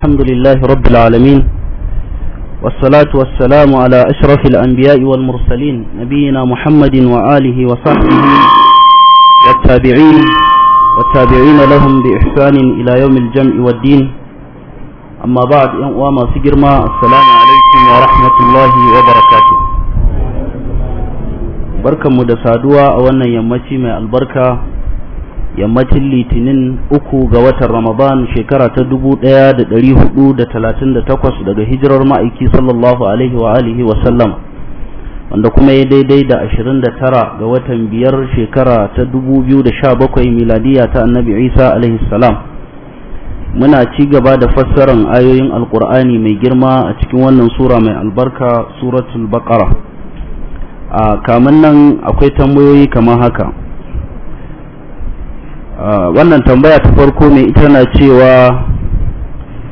الحمد لله رب العالمين والصلاة والسلام على أشرف الأنبياء والمرسلين نبينا محمد وآله وصحبه والتابعين والتابعين لهم بإحسان إلى يوم الجمع والدين أما بعد وما سجرما السلام عليكم ورحمة الله وبركاته بركة مدسادوة أولا يمتي من البركة yammacin litinin uku ga watan ramadan shekara ta dubu ɗaya da ɗari hudu da talatin da takwas daga hijirar ma'aiki sallallahu alaihi wa alihi wa sallam wanda kuma ya daidai da ashirin da tara ga watan biyar shekara ta dubu biyu da sha bakwai miladiya ta annabi isa alaihi salam muna ci gaba da fassarar ayoyin alkur'ani mai girma a cikin wannan sura mai albarka suratul baqara a kamun nan akwai tambayoyi kamar haka wannan tambaya ta farko ne ita na cewa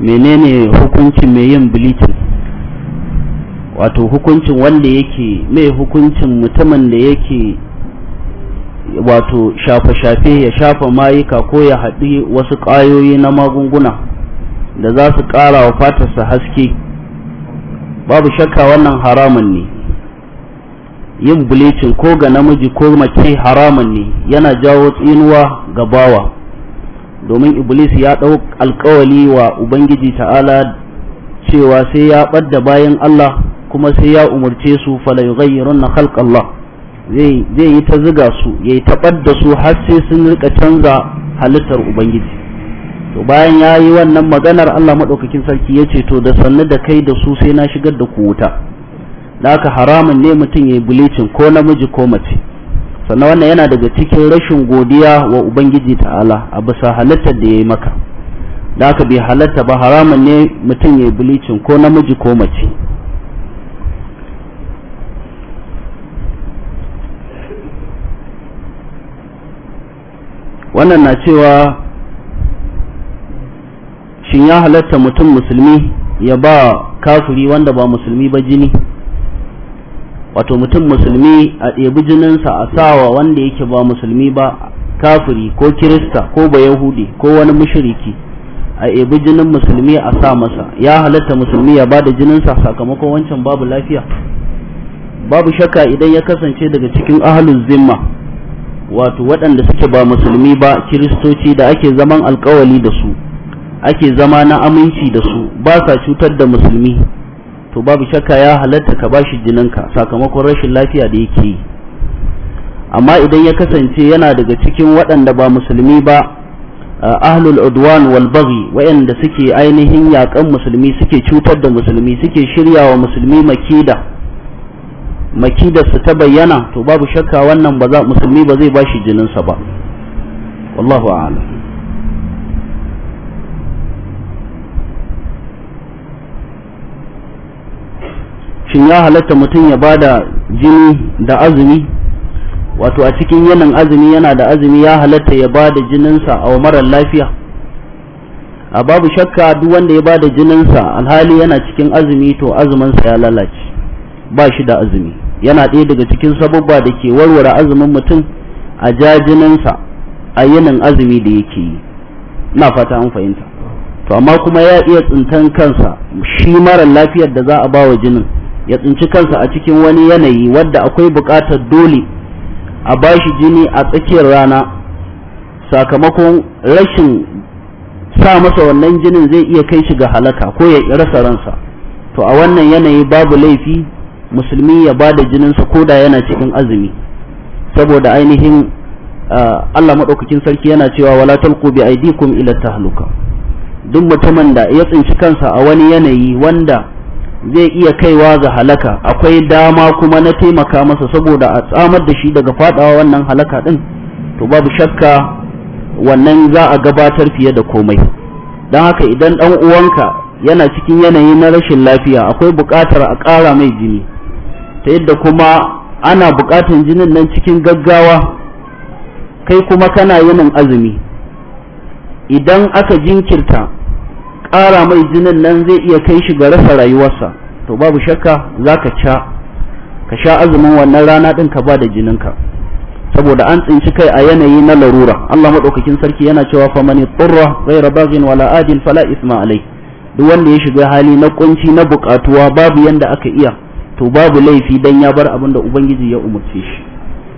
menene hukuncin mai yin bleaching wato hukuncin wanda yake mai hukuncin mutumin da yake wato shafe-shafe ya shafa mayuka ko ya haɗi wasu ƙayoyi na magunguna da za su ƙara wa fatarsa haske babu shakka wannan haramun ne yin bleaching ko ga namiji ko mace haramun ne yana jawo tsinuwa ga bawa domin iblis ya ɗau alkawali wa ubangiji ta'ala cewa sai ya ɓadda bayan Allah kuma sai ya umarce su fala yughayyirunna khalq Allah zai zai yi ta ziga su yayi ta da su har sai sun rika canza halittar ubangiji to bayan yayi wannan maganar Allah madaukakin sarki ya ce to da sannu da kai da su sai na shigar da ku wuta da haka haramun ne mutum ya yi bilicin ko namiji ko mace sannan wannan yana daga cikin rashin godiya wa ubangiji ta'ala a bisa halittar da ya yi maka da haka bai halatta ba haramun ne mutum ya yi bilicin ko namiji ko mace wannan na cewa shin ya halatta mutum musulmi ya ba kafiri wanda ba musulmi ba jini wato mutum musulmi a ɗebi jininsa a sawa wanda yake ba musulmi ba kafiri ko kirista ko ba yahudi ko wani mushriki a ɗebi jinin musulmi a sa masa ya halatta musulmi ya bada jininsa sakamakon wancan babu lafiya babu shakka idan ya kasance daga cikin ahalin zimma wato waɗanda suke ba musulmi ba kiristoci da ake zaman alkawali da su ake zama na aminci da su ba sa cutar da musulmi to babu shakka ya halatta ka bashi jininka sakamakon rashin lafiya da yake yi amma idan ya kasance yana daga cikin waɗanda ba musulmi ba ahlul udwan wal baghi waɗanda suke ainihin yakan musulmi suke cutar da musulmi suke shiryawa musulmi makida makida su ta bayyana to babu shakka wannan ba za musulmi ba zai bashi jininsa ba wallahu a'lam shin ya halatta mutum ya bada jini da azumi wato a cikin yanin azumi yana da azumi ya halatta ya bada jininsa a marar lafiya a babu shakka duk wanda ya bada jininsa alhali yana cikin azumi to azuminsa ya lalace ba shi da azumi yana ɗaya daga cikin sababba da ke warware azumin mutum a ja jininsa a yanin azumi da yake yi na fata an fahimta to amma kuma ya iya tsintan kansa shi marar lafiyar da za a ba wa jinin ya tsinci kansa a cikin wani yanayi wadda akwai buƙatar dole a ba shi jini a tsakiyar rana sakamakon rashin sa masa wannan jinin zai iya kai shi ga halaka ko ya rasa ransa to a wannan yanayi babu laifi musulmi ya ba da jininsa ko da yana cikin azumi saboda ainihin ah, Allah maɗaukakin sarki yana cewa wala talqu bi aidikum ila tahluka duk mutumin da ya tsinci kansa a wani yanayi wanda zai iya kaiwa ga halaka akwai dama kuma na taimaka masa saboda a tsamar da shi daga fadawa wannan halaka din to babu shakka wannan za a gabatar fiye da komai don haka idan dan uwanka yana cikin yanayi na rashin lafiya akwai buƙatar a ƙara mai jini ta yadda kuma ana buƙatar jinin nan cikin gaggawa kai kuma kana yinin azumi idan aka jinkirta Kara mai jinin nan zai iya kai shi ga rasa rayuwarsa to babu shakka za ka ca ka sha azumin wannan rana ɗin ka ba da jininka saboda an tsinci kai a yanayi na larura Allah maɗaukakin sarki yana cewa fa mani tsurra ghaira baghin wala adin fala isma alai duk wanda ya shiga hali na kunci na buƙatuwa babu yanda aka iya to babu laifi dan ya bar abin da ubangiji ya umarce shi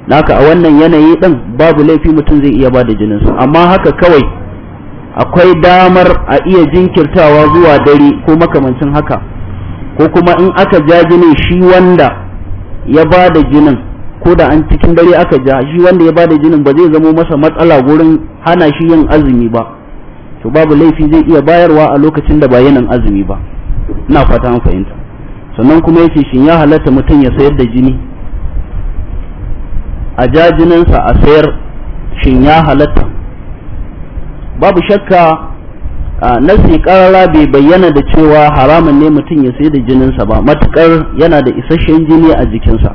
naka a wannan yanayi din babu laifi mutum zai iya ba da jininsa amma haka kawai akwai damar a iya jinkirtawa zuwa dare ko makamancin haka ko kuma in aka ja shi wanda ya ba da jinin ko da an cikin dare aka ja shi wanda ya ba da jinin ba zai zamo masa matsala gurin hana shi yin azumi ba to babu laifi zai iya bayarwa a lokacin da ba yanin azumi ba ina fata an fahimta sannan kuma yake shin ya halatta mutum ya sayar da jini a ja jininsa a sayar shin ya halatta babu shakka nasi karara bai bayyana da cewa haramun ne mutum ya sai da jininsa ba matukar yana da isasshen jini a jikinsa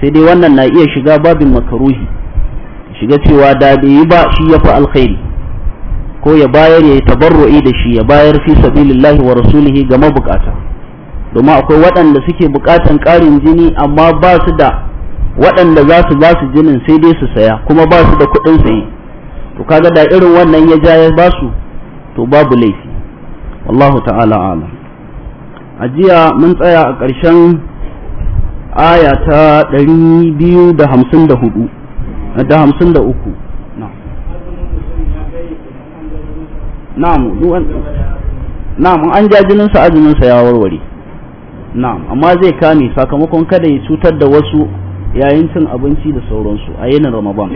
sai dai wannan na iya shiga babin makaruhi shiga cewa da bai yi ba shi ya fi alkhairi ko ya bayar ya yi tabarru'i da shi ya bayar fi sabilillahi wa rasulihi ga mabukata domin akwai waɗanda suke bukatan ƙarin jini amma ba su da waɗanda za su ba su jinin sai dai su saya kuma ba su da kuɗin saye to kaga da irin wannan ya ja ya basu to babu laifi wallahu ta'ala ala a jiya mun tsaya a ƙarshen aya ta 254 da 53 na'am mu an ja jininsa sa azumin sa ya warware na'am amma zai kame sakamakon kada ya cutar da wasu yayin cin abinci da sauransu a yanin ramadan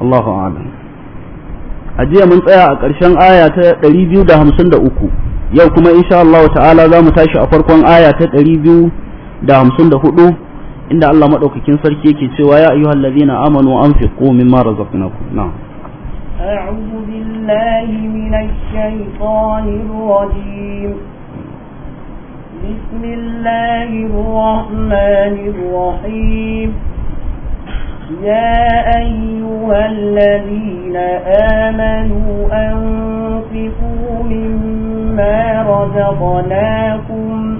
Allahu a jiya mun tsaya a ƙarshen aya ta 253 yau kuma insha Allah ta'ala za mu tashi a farkon aya ta 254 inda Allah madaukakin sarki yake cewa ya ayyuhal ladina amanu anfiqu mimma razaqnakum na'am a'udhu billahi minash shaitanir rajim بسم الله الرحمن الرحيم يا أيها الذين آمنوا أنفقوا مما رزقناكم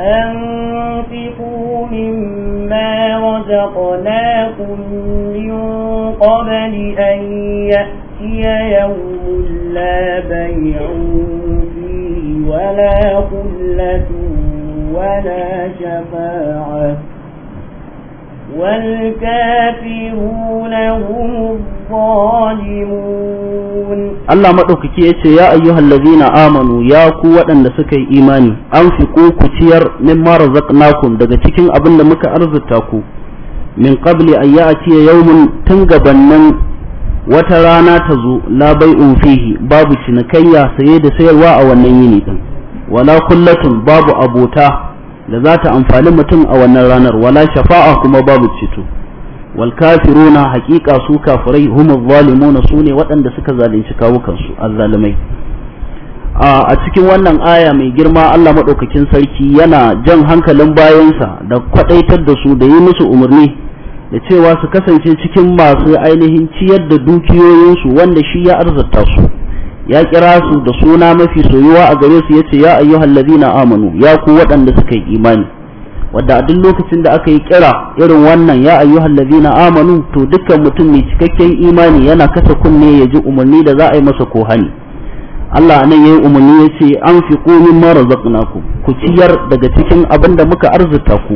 أنفقوا مما رزقناكم من قبل أن يأتي يوم لا بيع فيه ولا خلة ولا شفاعة والكافرون هم الظالمون الله مدوكake yace ya ayyuhallazina amanu ya ku waɗanda suka yi imani an fi ku mimma razaqnakum daga cikin abin da muka arzuta ku min qabli an yau yawmun tun nan wata rana ta zo la bai'un fihi babu cinikayya saye da sayarwa a wannan yini din wala kullatun babu abota da za ta amfani mutum a wannan ranar wala shafa'a kuma babu ceto wal kafiruna haqiqa su kafirai hum zalimuna su ne waɗanda suka zalunci kawukansu azzalimai a cikin wannan aya mai girma Allah madaukakin sarki yana jan hankalin bayansa da kwadaitar da su da yi musu umarni da cewa su kasance cikin masu ainihin ciyar da dukiyoyinsu wanda shi ya arzata su ya kira su da suna mafi soyuwa a gare su yace ya ayyuhal ladina amanu ya ku waɗanda suka yi imani wadda a duk lokacin da aka yi kira irin wannan ya ayyuhal ladina amanu to dukkan mutum mai cikakken imani yana kasa kunne ya ji umarni da za a yi masa kohani Allah nan yayi umarni yace an fi min mara razaqnakum ku ciyar daga cikin abin da muka arzuta ku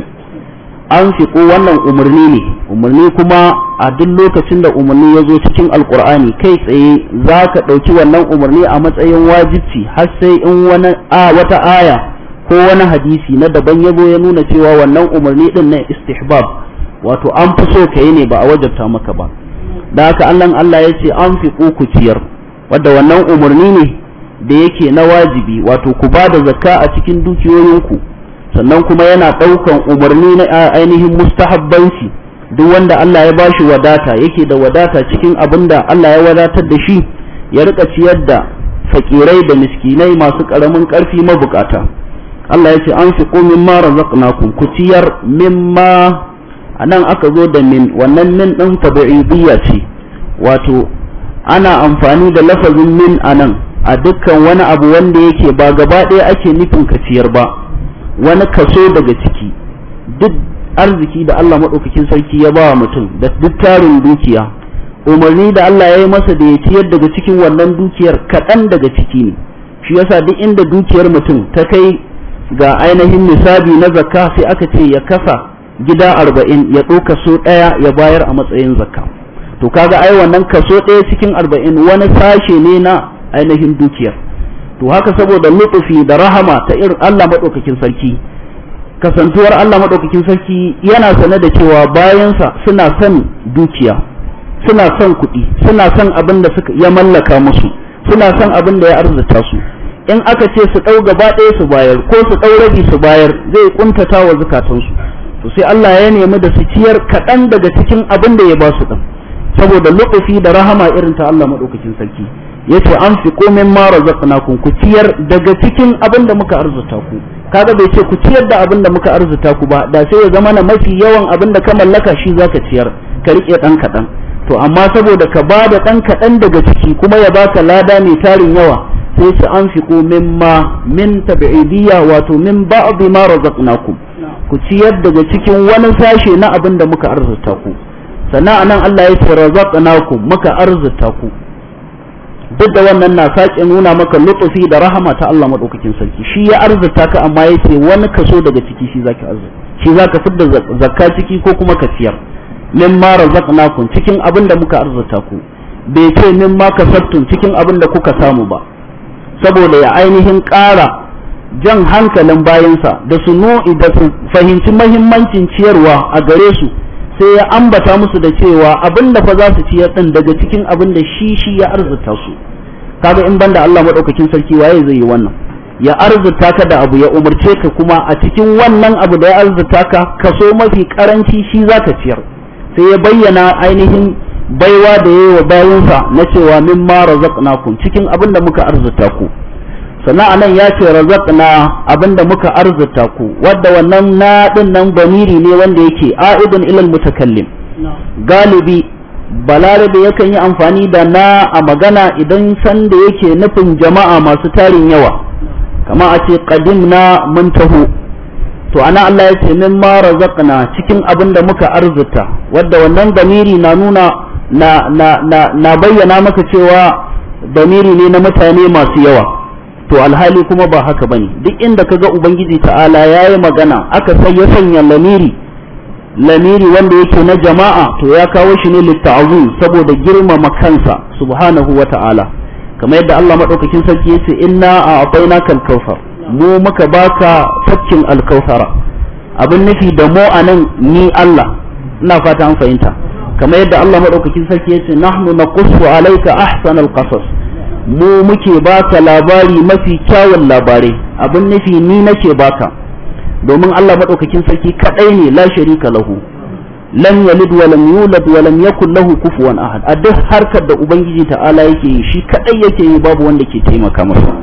an ko wannan umarni ne umarni kuma a duk lokacin da umarni ya zo cikin alkur'ani kai tsaye za ka ɗauki wannan umarni a matsayin wajibci har sai in wani a wata aya ko wani hadisi na daban ya zo ya nuna cewa wannan umarni ɗin na istihbab wato an fi so ka yi ne ba a wajabta maka ba da haka allan allah ya ce an fi ku ciyar wadda wannan umarni ne da yake na wajibi wato ku ba da zakka a cikin dukiyoyinku sannan kuma yana ɗaukan umarni na ainihin mustahabbanci duk wanda Allah ya bashi wadata yake da wadata cikin abin da Allah ya wadatar da shi ya rika ciyar da fakirai da miskinai masu ƙaramin ƙarfi mabukata Allah ya ce an fi min mara razaqnakum ku ciyar mimma anan aka zo da min wannan min ɗin tabi'iyya ce wato ana amfani da lafazin min anan a dukkan wani abu wanda yake ba gaba ɗaya ake nufin kaciyar ba wani kaso daga ciki duk arziki da Allah maɗaukakin sarki ya ba wa mutum da duk tarin dukiya umarni da Allah ya yi masa da ya ciyar daga cikin wannan dukiyar kaɗan daga ciki ne shi yasa duk inda dukiyar mutum ta kai ga ainihin nisabi na zakka sai aka ce ya kasa gida arba'in ya ɗauka so ɗaya ya bayar a matsayin zakka to kaga ai wannan kaso ɗaya cikin arba'in wani sashe ne na ainihin dukiyar to haka saboda lutufi da rahama ta irin Allah madaukakin sarki kasantuwar Allah madaukakin sarki yana sane da cewa bayansa suna son dukiya suna son kuɗi suna son abin da suka ya mallaka musu suna son abin da ya arzuta su in aka ce su ɗau gaba ɗaya su bayar ko su ɗau rabi su bayar zai kuntata wa zukatansu to sai Allah ya nemi da su ciyar kaɗan daga cikin abin da ya ba su ɗan saboda lutufi da rahama irin ta Allah madaukakin sarki yace an fi komin ma razaqnakum ku ciyar daga cikin abin da muka arzuta ku kaga bai ce ku ciyar da abin da muka arzuta ku ba da sai ya zama na mafi yawan abin da ka mallaka shi zaka ciyar ka rike dan kadan to amma saboda ka ba da dan kaɗan daga ciki kuma ya baka lada mai tarin yawa sai su an fi komin ma min tabi'idiyya wato min ba'd ma razaqna ku ciyar daga cikin wani sashe na abin da muka arzuta ku sana'a nan Allah ya ce ku muka arzuta ku duk da wannan na sake nuna maka lutufi da rahama ta Allah madaukakin sarki shi ya arzuta ka amma yace wani kaso daga ciki shi zaka arzuta shi zaka fidda zakka ciki ko kuma ka siyar min ma razaqnakum cikin abin da muka arzuta ku bai ce min ma kasabtum cikin abin da kuka samu ba saboda ya ainihin ƙara jan hankalin bayansa da su nu'i da su fahimci mahimmancin ciyarwa a gare su sai ya ambata musu da cewa abin da fa za su ciyar din daga cikin abin da shi shi ya arzuta su kaga in banda Allah maɗaukakin sarki waye zai yi wannan ya arzuta ka da abu ya umarce ka kuma a cikin wannan abu da ya arzuta ka kaso mafi karanci shi za ka ciyar sai ya bayyana ainihin baiwa da yayi wa bayansa na cewa mimma razaqnakum cikin abin da muka arzuta ku sannan anan ya ce razaqna abinda muka arzuta ku wadda wannan na din nan bamiri ne wanda yake a'idun ilal mutakallim galibi balarabe yakan yi amfani da na a magana idan sanda yake nufin jama'a masu tarin yawa kama a ce qadimna mun taho to ana Allah ya ce min ma razaqna cikin abin da muka arzuta wadda wannan damiri na nuna na na, na bayyana maka cewa damiri ne na mutane masu yawa to alhali kuma ba haka bane duk inda kaga ubangiji ta'ala yayi magana aka sai ya sanya lamiri lamiri wanda yake na jama'a to ya kawo shi ne litta'zim saboda girmama kansa subhanahu ta'ala kamar yadda Allah madaukakin sarki yace inna a'tainaka al-kautsar mu muka baka fakkin al-kautsara abin nufi da mu anan ni Allah ina fata an fahimta kamar yadda Allah madaukakin sarki yace nahnu naqussu alayka ahsanal qasas mu muke baka labari mafi kyawun labarai abin nufi ni nake baka domin Allah maɗaukakin sarki kadai ne la sharika lahu lam yalid wa lam yulad wa lam yakul lahu kufuwan ahad a duk harkar da ubangiji ta'ala yake yi shi kadai yake yi babu wanda ke taimaka masa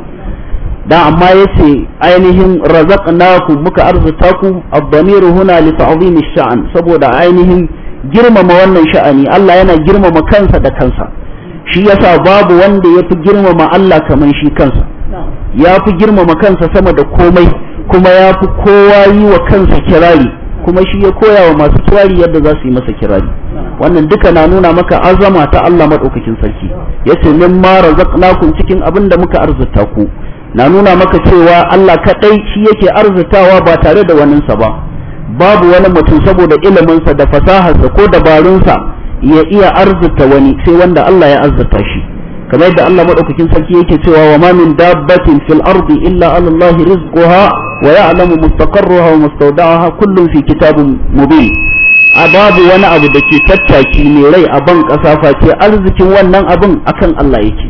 dan amma yace ainihin razaqnaku muka arzuta ku ad-damiru huna li ta'zimi sha'n saboda ainihin girmama wannan sha'ani Allah yana girmama kansa da kansa shi yasa babu wanda ya fi girmama Allah kamar shi kansa ya fi girmama kansa sama da komai kuma ya fi kowa yi wa kansa kirari kuma shi ya koya wa masu kirari yadda za su yi masa kirari wannan duka na nuna maka azama ta Allah maɗaukakin sarki ya ce min ma razaqnakum cikin abin da muka arzuta ku na nuna maka cewa Allah kaɗai shi yake arzutawa ba tare da waninsa ba babu wani mutum saboda iliminsa da fasaharsa ko dabarunsa ya iya arzuta wani sai wanda Allah ya arzuta shi kamar yadda Allah madaukakin sarki yake cewa wa ma min dabbatin fil ardi illa ala Allah rizquha wa ya'lamu mustaqarraha wa mustawda'aha kullun fi kitabin mubin a babu wani abu da ke tattaki ne rai a ban kasa face arzikin wannan abin akan Allah yake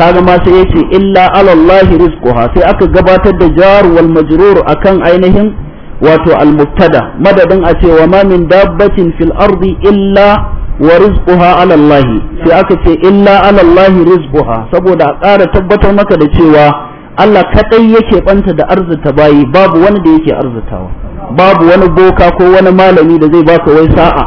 kaga ma sai yace illa ala Allah rizquha sai aka gabatar da jar wal majrur akan ainihin wato al mubtada madadin a ce wa ma min dabbatin fil ardi illa wa rizquha ala Allah sai aka ce illa ala Allah rizquha saboda a ƙara tabbatar maka da cewa Allah kadai yake banta da arzuta bayi babu wani da yake arzutawa babu wani boka ko wani malami da zai baka wai sa'a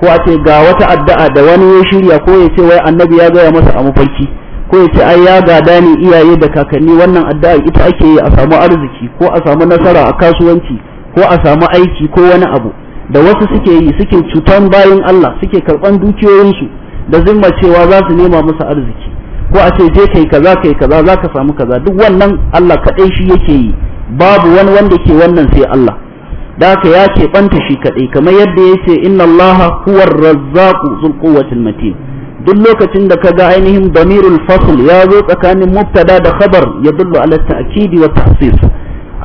ko a ce ga wata addu'a da wani ya shirya ko ya ce wai annabi ya gaya masa a mafarki ko ya ce ai ya gada ne iyaye da kakanni wannan addu'a ita ake yi a samu arziki ko a samu nasara a kasuwanci ko a samu aiki ko wani abu da wasu suke yi suke cutan bayan Allah suke karban dukiyoyinsu da zimma cewa za su nema musu arziki ko a ce je kai kaza kai kaza za ka samu kaza duk wannan Allah kaɗai shi yake yi babu wani wanda ke wannan sai Allah da haka ya ke banta shi kaɗai kamar yadda ya ce inna allaha huwar razzaqu zul quwwatil matin duk lokacin da ka ga ainihin damirul fasl ya zo tsakanin mubtada da khabar ya dullu ala ta'kidi wa tahsis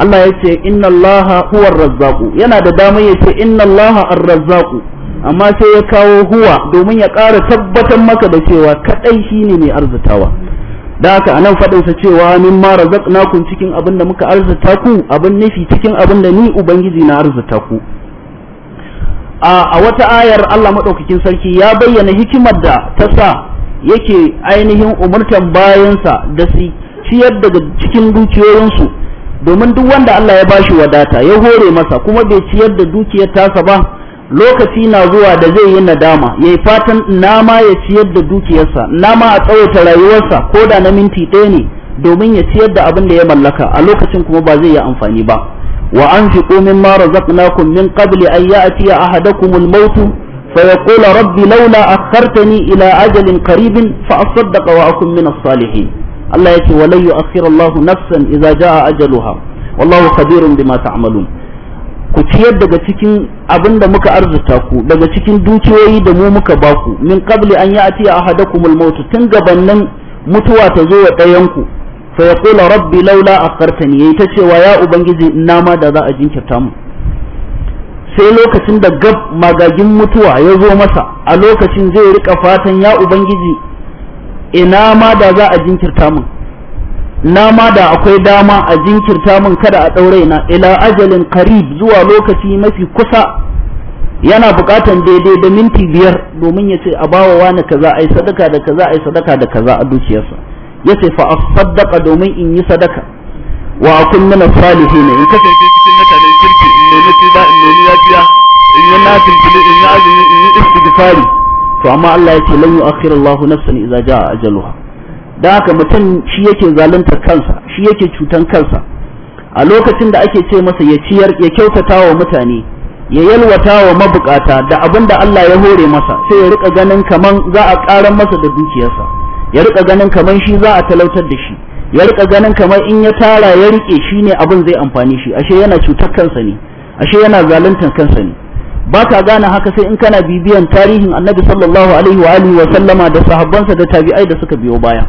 Allah ya ce inna Allah huwa razzaku yana da damar ya ce inna Allah ar amma sai ya kawo huwa domin ya ƙara tabbatar maka da cewa kadai shine mai arzutawa da haka anan fadin sa cewa min ma razaqnakum cikin abin da muka arzuta ku abin nufi cikin abin da ni ubangiji na arzuta ku a wata ayar Allah madaukakin sarki ya bayyana hikimar da ta sa yake ainihin umurtan bayansa da su ciyar daga cikin dukiyoyinsu domin duk wanda Allah ya bashi wadata ya hore masa kuma bai ciyar da dukiyar tasa ba lokaci na zuwa da zai yi nadama ya yi fatan nama ya ciyar da dukiyarsa nama a tsawata rayuwarsa ko da na minti ɗaya ne domin ya ciyar da abin da ya mallaka a lokacin kuma ba zai yi amfani ba wa an fi komin mara razaqnakum min qabli an ya'tiya ahadakumul mautu fa yaqulu rabbi laula kartani ila ajalin karibin fa asaddaqa wa akun min as Allah yake walan yu'akhiru Allahu nafsan idza jaa ajaluha wallahu khabirun bima amalu ku ciyar daga cikin abin da muka arzuta ku daga cikin dukiyoyi da mu muka baku min qabli an ya'ti ahadakumul maut tun gabanin mutuwa ta zo wa ɗayanku ku fa yaqulu rabbi laula a akhartani yayi ta cewa ya ubangiji ina ma da za a jinkirta mu sai lokacin da gab magagin mutuwa ya zo masa a lokacin zai rika fatan ya ubangiji ina ma da za a jinkirta min na ma da akwai dama a jinkirta min kada a ɗaure na ila ajalin qarib zuwa lokaci mafi kusa yana buƙatan daidai da minti biyar domin ya ce a bawa wani kaza ai sadaka da kaza ai sadaka da kaza a dukiyarsa ya ce fa asaddaqa domin in yi sadaka wa akun min salihin in kasance cikin mutanen kirki in nemi tiba in nemi lafiya in yi nafil in yi azumi in yi istighfari to amma Allah ya ce lan Allah nafsan idza jaa ajaluha da haka mutum shi yake zalunta kansa shi yake cutan kansa a lokacin da ake ce masa ya ciyar ya kyautata wa mutane ya yalwata wa mabukata da abin da Allah ya hore masa sai ya rika ganin kaman za a karan masa da dukiyarsa ya rika ganin kaman shi za a talautar da shi ya rika ganin kamar in ya tara ya rike shi ne abin zai amfani shi ashe yana cutar kansa ne ashe yana zaluntar kansa ne ba ta gane haka sai in kana bibiyan tarihin annabi sallallahu alaihi wa alihi wa sallama da sahabbansa da tabi'ai da suka biyo baya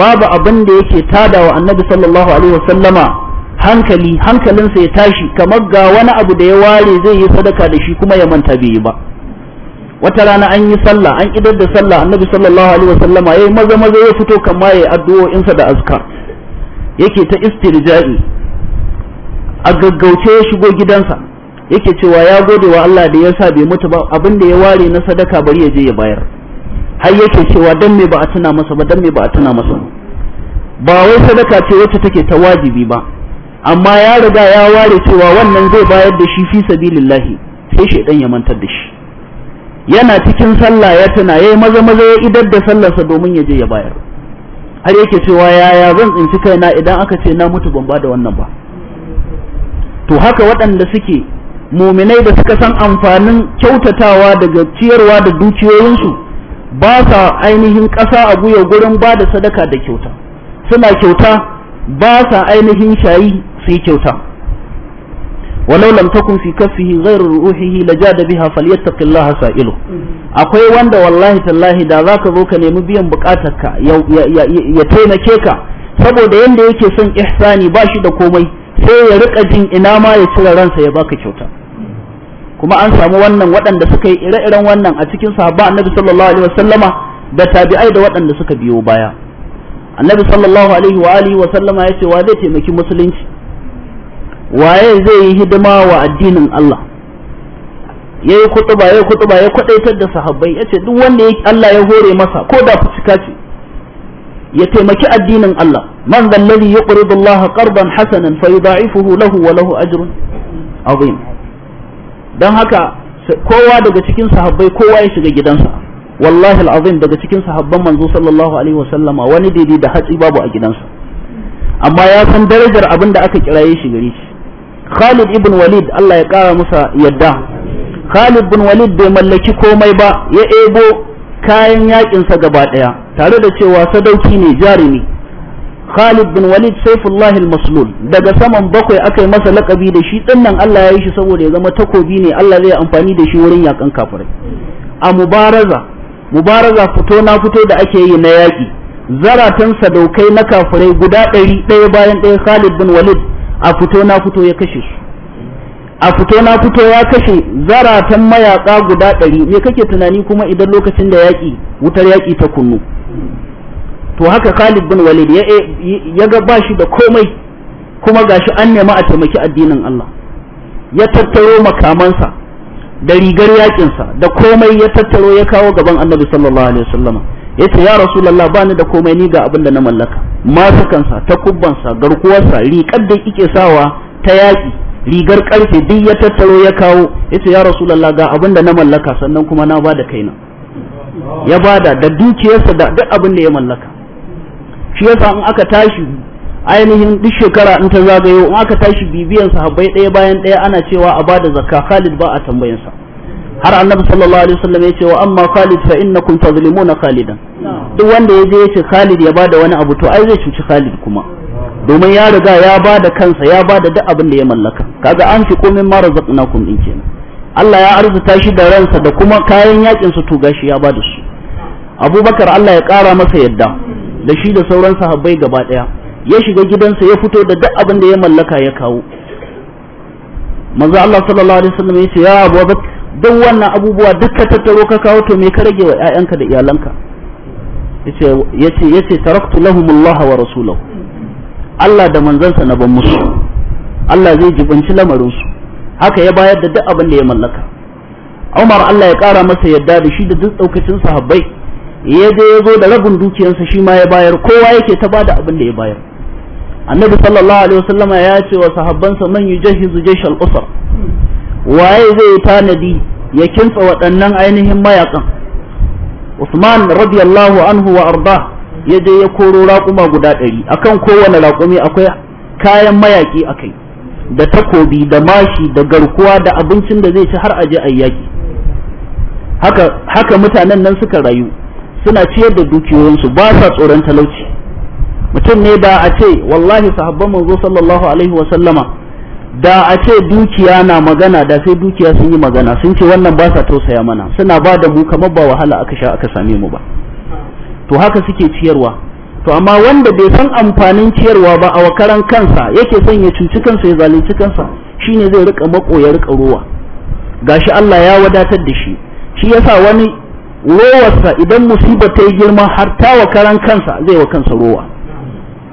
babu abin da yake tada wa annabi sallallahu alaihi wa sallama hankali hankalinsa ya tashi kamar ga wani abu da ya ware zai yi sadaka da shi kuma ya manta bai yi ba wata rana an yi sallah an idar da sallah annabi sallallahu alaihi wa sallama yayi maza maza ya fito kamar yayi addu'o'insa da azkar yake ta istirja'i a gaggauce ya shigo gidansa yake cewa ya gode wa Allah da ya sa bai mutu ba abin da ya ware na sadaka bari ya je ya bayar har yake cewa dan me ba a tuna masa ba dan me ba a tuna masa ba wai sadaka ce wacce take ta wajibi ba amma ya riga ya ware cewa wannan zai bayar da shi fi sabilillahi sai shedan ya mantar da shi yana cikin sallah ya tuna yayi maza maza ya idar da sallarsa domin ya je ya bayar har yake cewa ya yaya zan tsinci kaina idan aka ce na mutu ban ba da wannan ba to haka waɗanda suke muminai da suka san amfanin kyautatawa daga ciyarwa da dukiyoyinsu ba sa ainihin ƙasa a guya gurin ba da sadaka da kyauta suna kyauta ba sa ainihin shayi su yi kyauta walau lam takun fi kaffihi ghayru ruhihi lajada biha falyattaqillaha sa'ilu akwai wanda wallahi tallahi da zaka zo ka nemi biyan bukatarka ya taimake ka saboda yanda yake son ihsani ba shi da komai sai ya rika jin ina ma ya cire ransa ya baka kyauta kuma an samu wannan waɗanda suka yi ire-iren wannan a cikin sahaba annabi sallallahu alaihi wasallama da tabi'ai da waɗanda suka biyo baya annabi sallallahu alaihi wa alihi wa sallama ya ce wa zai taimaki musulunci waye zai yi hidima wa addinin Allah ya yi kutuba ya yi kutuba ya kwadaitar da sahabbai ya ce duk wanda Allah ya hore masa ko da fuska ce ya taimaki addinin Allah man zallazi yuqridu Allah qardan hasanan fa yudha'ifuhu lahu wa lahu ajrun azim don haka kowa daga cikin sahabbai kowa ya shiga gidansa wallahi al'azim daga cikin sahabban manzo sallallahu alaihi wasallama wani daidai da hatsi babu a gidansa amma ya san darajar abin da aka kiraye shi gare shi Khalid ibn Walid Allah ya kara masa yadda Khalid ibn Walid bai mallaki komai ba ya ebo kayan yakin sa gaba daya tare da cewa sadauki ne ne. Khalid bin Walid Saifullah al-Maslul daga saman bakwai aka yi masa lakabi da shi dinnan Allah ya yi shi saboda ya zama takobi ne Allah zai amfani da shi wurin yakan kafirai a mubaraza mubaraza fito na fito da ake yi na yaƙi zaratan sadaukai na kafirai guda ɗari ɗaya bayan ɗaya Khalid bin Walid a fito na fito ya kashe su a fito na fito ya kashe zaratan mayaƙa guda ɗari me kake tunani kuma idan lokacin da yaƙi wutar yaƙi ta kunnu to haka Khalid bin Walid ya eh, ga ba da komai kuma gashi an nemi a taimaki addinin Allah ya tattaro makamansa da rigar yakinsa da komai ya tattaro ya kawo gaban Annabi sallallahu alaihi wasallam yace ya Rasulullah ba ni da komai ni ga abin da na mallaka masukansa kubbansa, garkuwarsa riƙar da kike sawa ta yaƙi rigar karfe duk ya tattaro ya kawo yace ya Rasulullah ga abin da na mallaka sannan kuma na bada kaina ya bada da dukiyarsa da duk abin da ya mallaka shi yasa in aka tashi ainihin duk shekara in ta zagayo in aka tashi bibiyan sahabbai ɗaya bayan ɗaya ana cewa a bada zakka Khalid ba a tambayin sa har annabi sallallahu alaihi wasallam ya ce wa amma Khalid fa innakum tazlimuna Khalidan duk wanda ya je ya ce Khalid ya bada wani abu to ai zai cuci Khalid kuma domin ya riga ya bada kansa ya bada duk abin da ya mallaka kaga an fi komin ma razaqnakum din kenan Allah ya arzuta shi da ransa da kuma kayan yakin su to gashi ya bada su Abubakar Allah ya kara masa yadda da shi da sauran sahabbai gaba daya ya shiga gidansa ya fito da duk abin da ya mallaka ya kawo manzo Allah sallallahu alaihi wasallam ya ce ya Abu Bakr duk wannan abubuwa duk ka tattaro ka kawo to me ka rage wa ƴaƴanka da iyalanka yace yace yace taraktu Allah wa rasulahu Allah da manzansa na ban musu Allah zai jibanci lamarin su haka ya bayar da duk abin da ya mallaka Umar Allah ya kara masa yadda da shi da duk daukacin sahabbai ya je ya zo da rabin dukiyarsa shi ma ya bayar kowa yake ta bada abin da ya bayar annabi sallallahu alaihi wasallam ya ce wa sahabbansa man yujahizu jaysh al-usr waye zai tanadi ya kintsa waɗannan ainihin mayakan Usman radiyallahu anhu wa arda ya je ya koro raƙuma guda ɗari akan kowane raƙumi akwai kayan mayaƙi akai da takobi da mashi da garkuwa da abincin da zai ci har aje a haka haka mutanen nan suka rayu suna ciyar da dukiyoyinsu ba sa tsoron talauci mutum ne da a ce wallahi sahabban manzo sallallahu alaihi wa da a ce dukiya na magana da sai dukiya sun yi magana sun ce wannan ba sa tausaya mana suna ba da mu kamar ba wahala aka sha aka same mu ba to haka suke ciyarwa to amma wanda bai san amfanin ciyarwa ba a wakaran kansa yake son ya cuci kansa ya zalunci kansa shine zai rika mako ya rika ruwa gashi Allah ya wadatar da shi shi yasa wani rowarsa idan musiba ta yi girma har ta wa karan kansa zai wa kansa rowa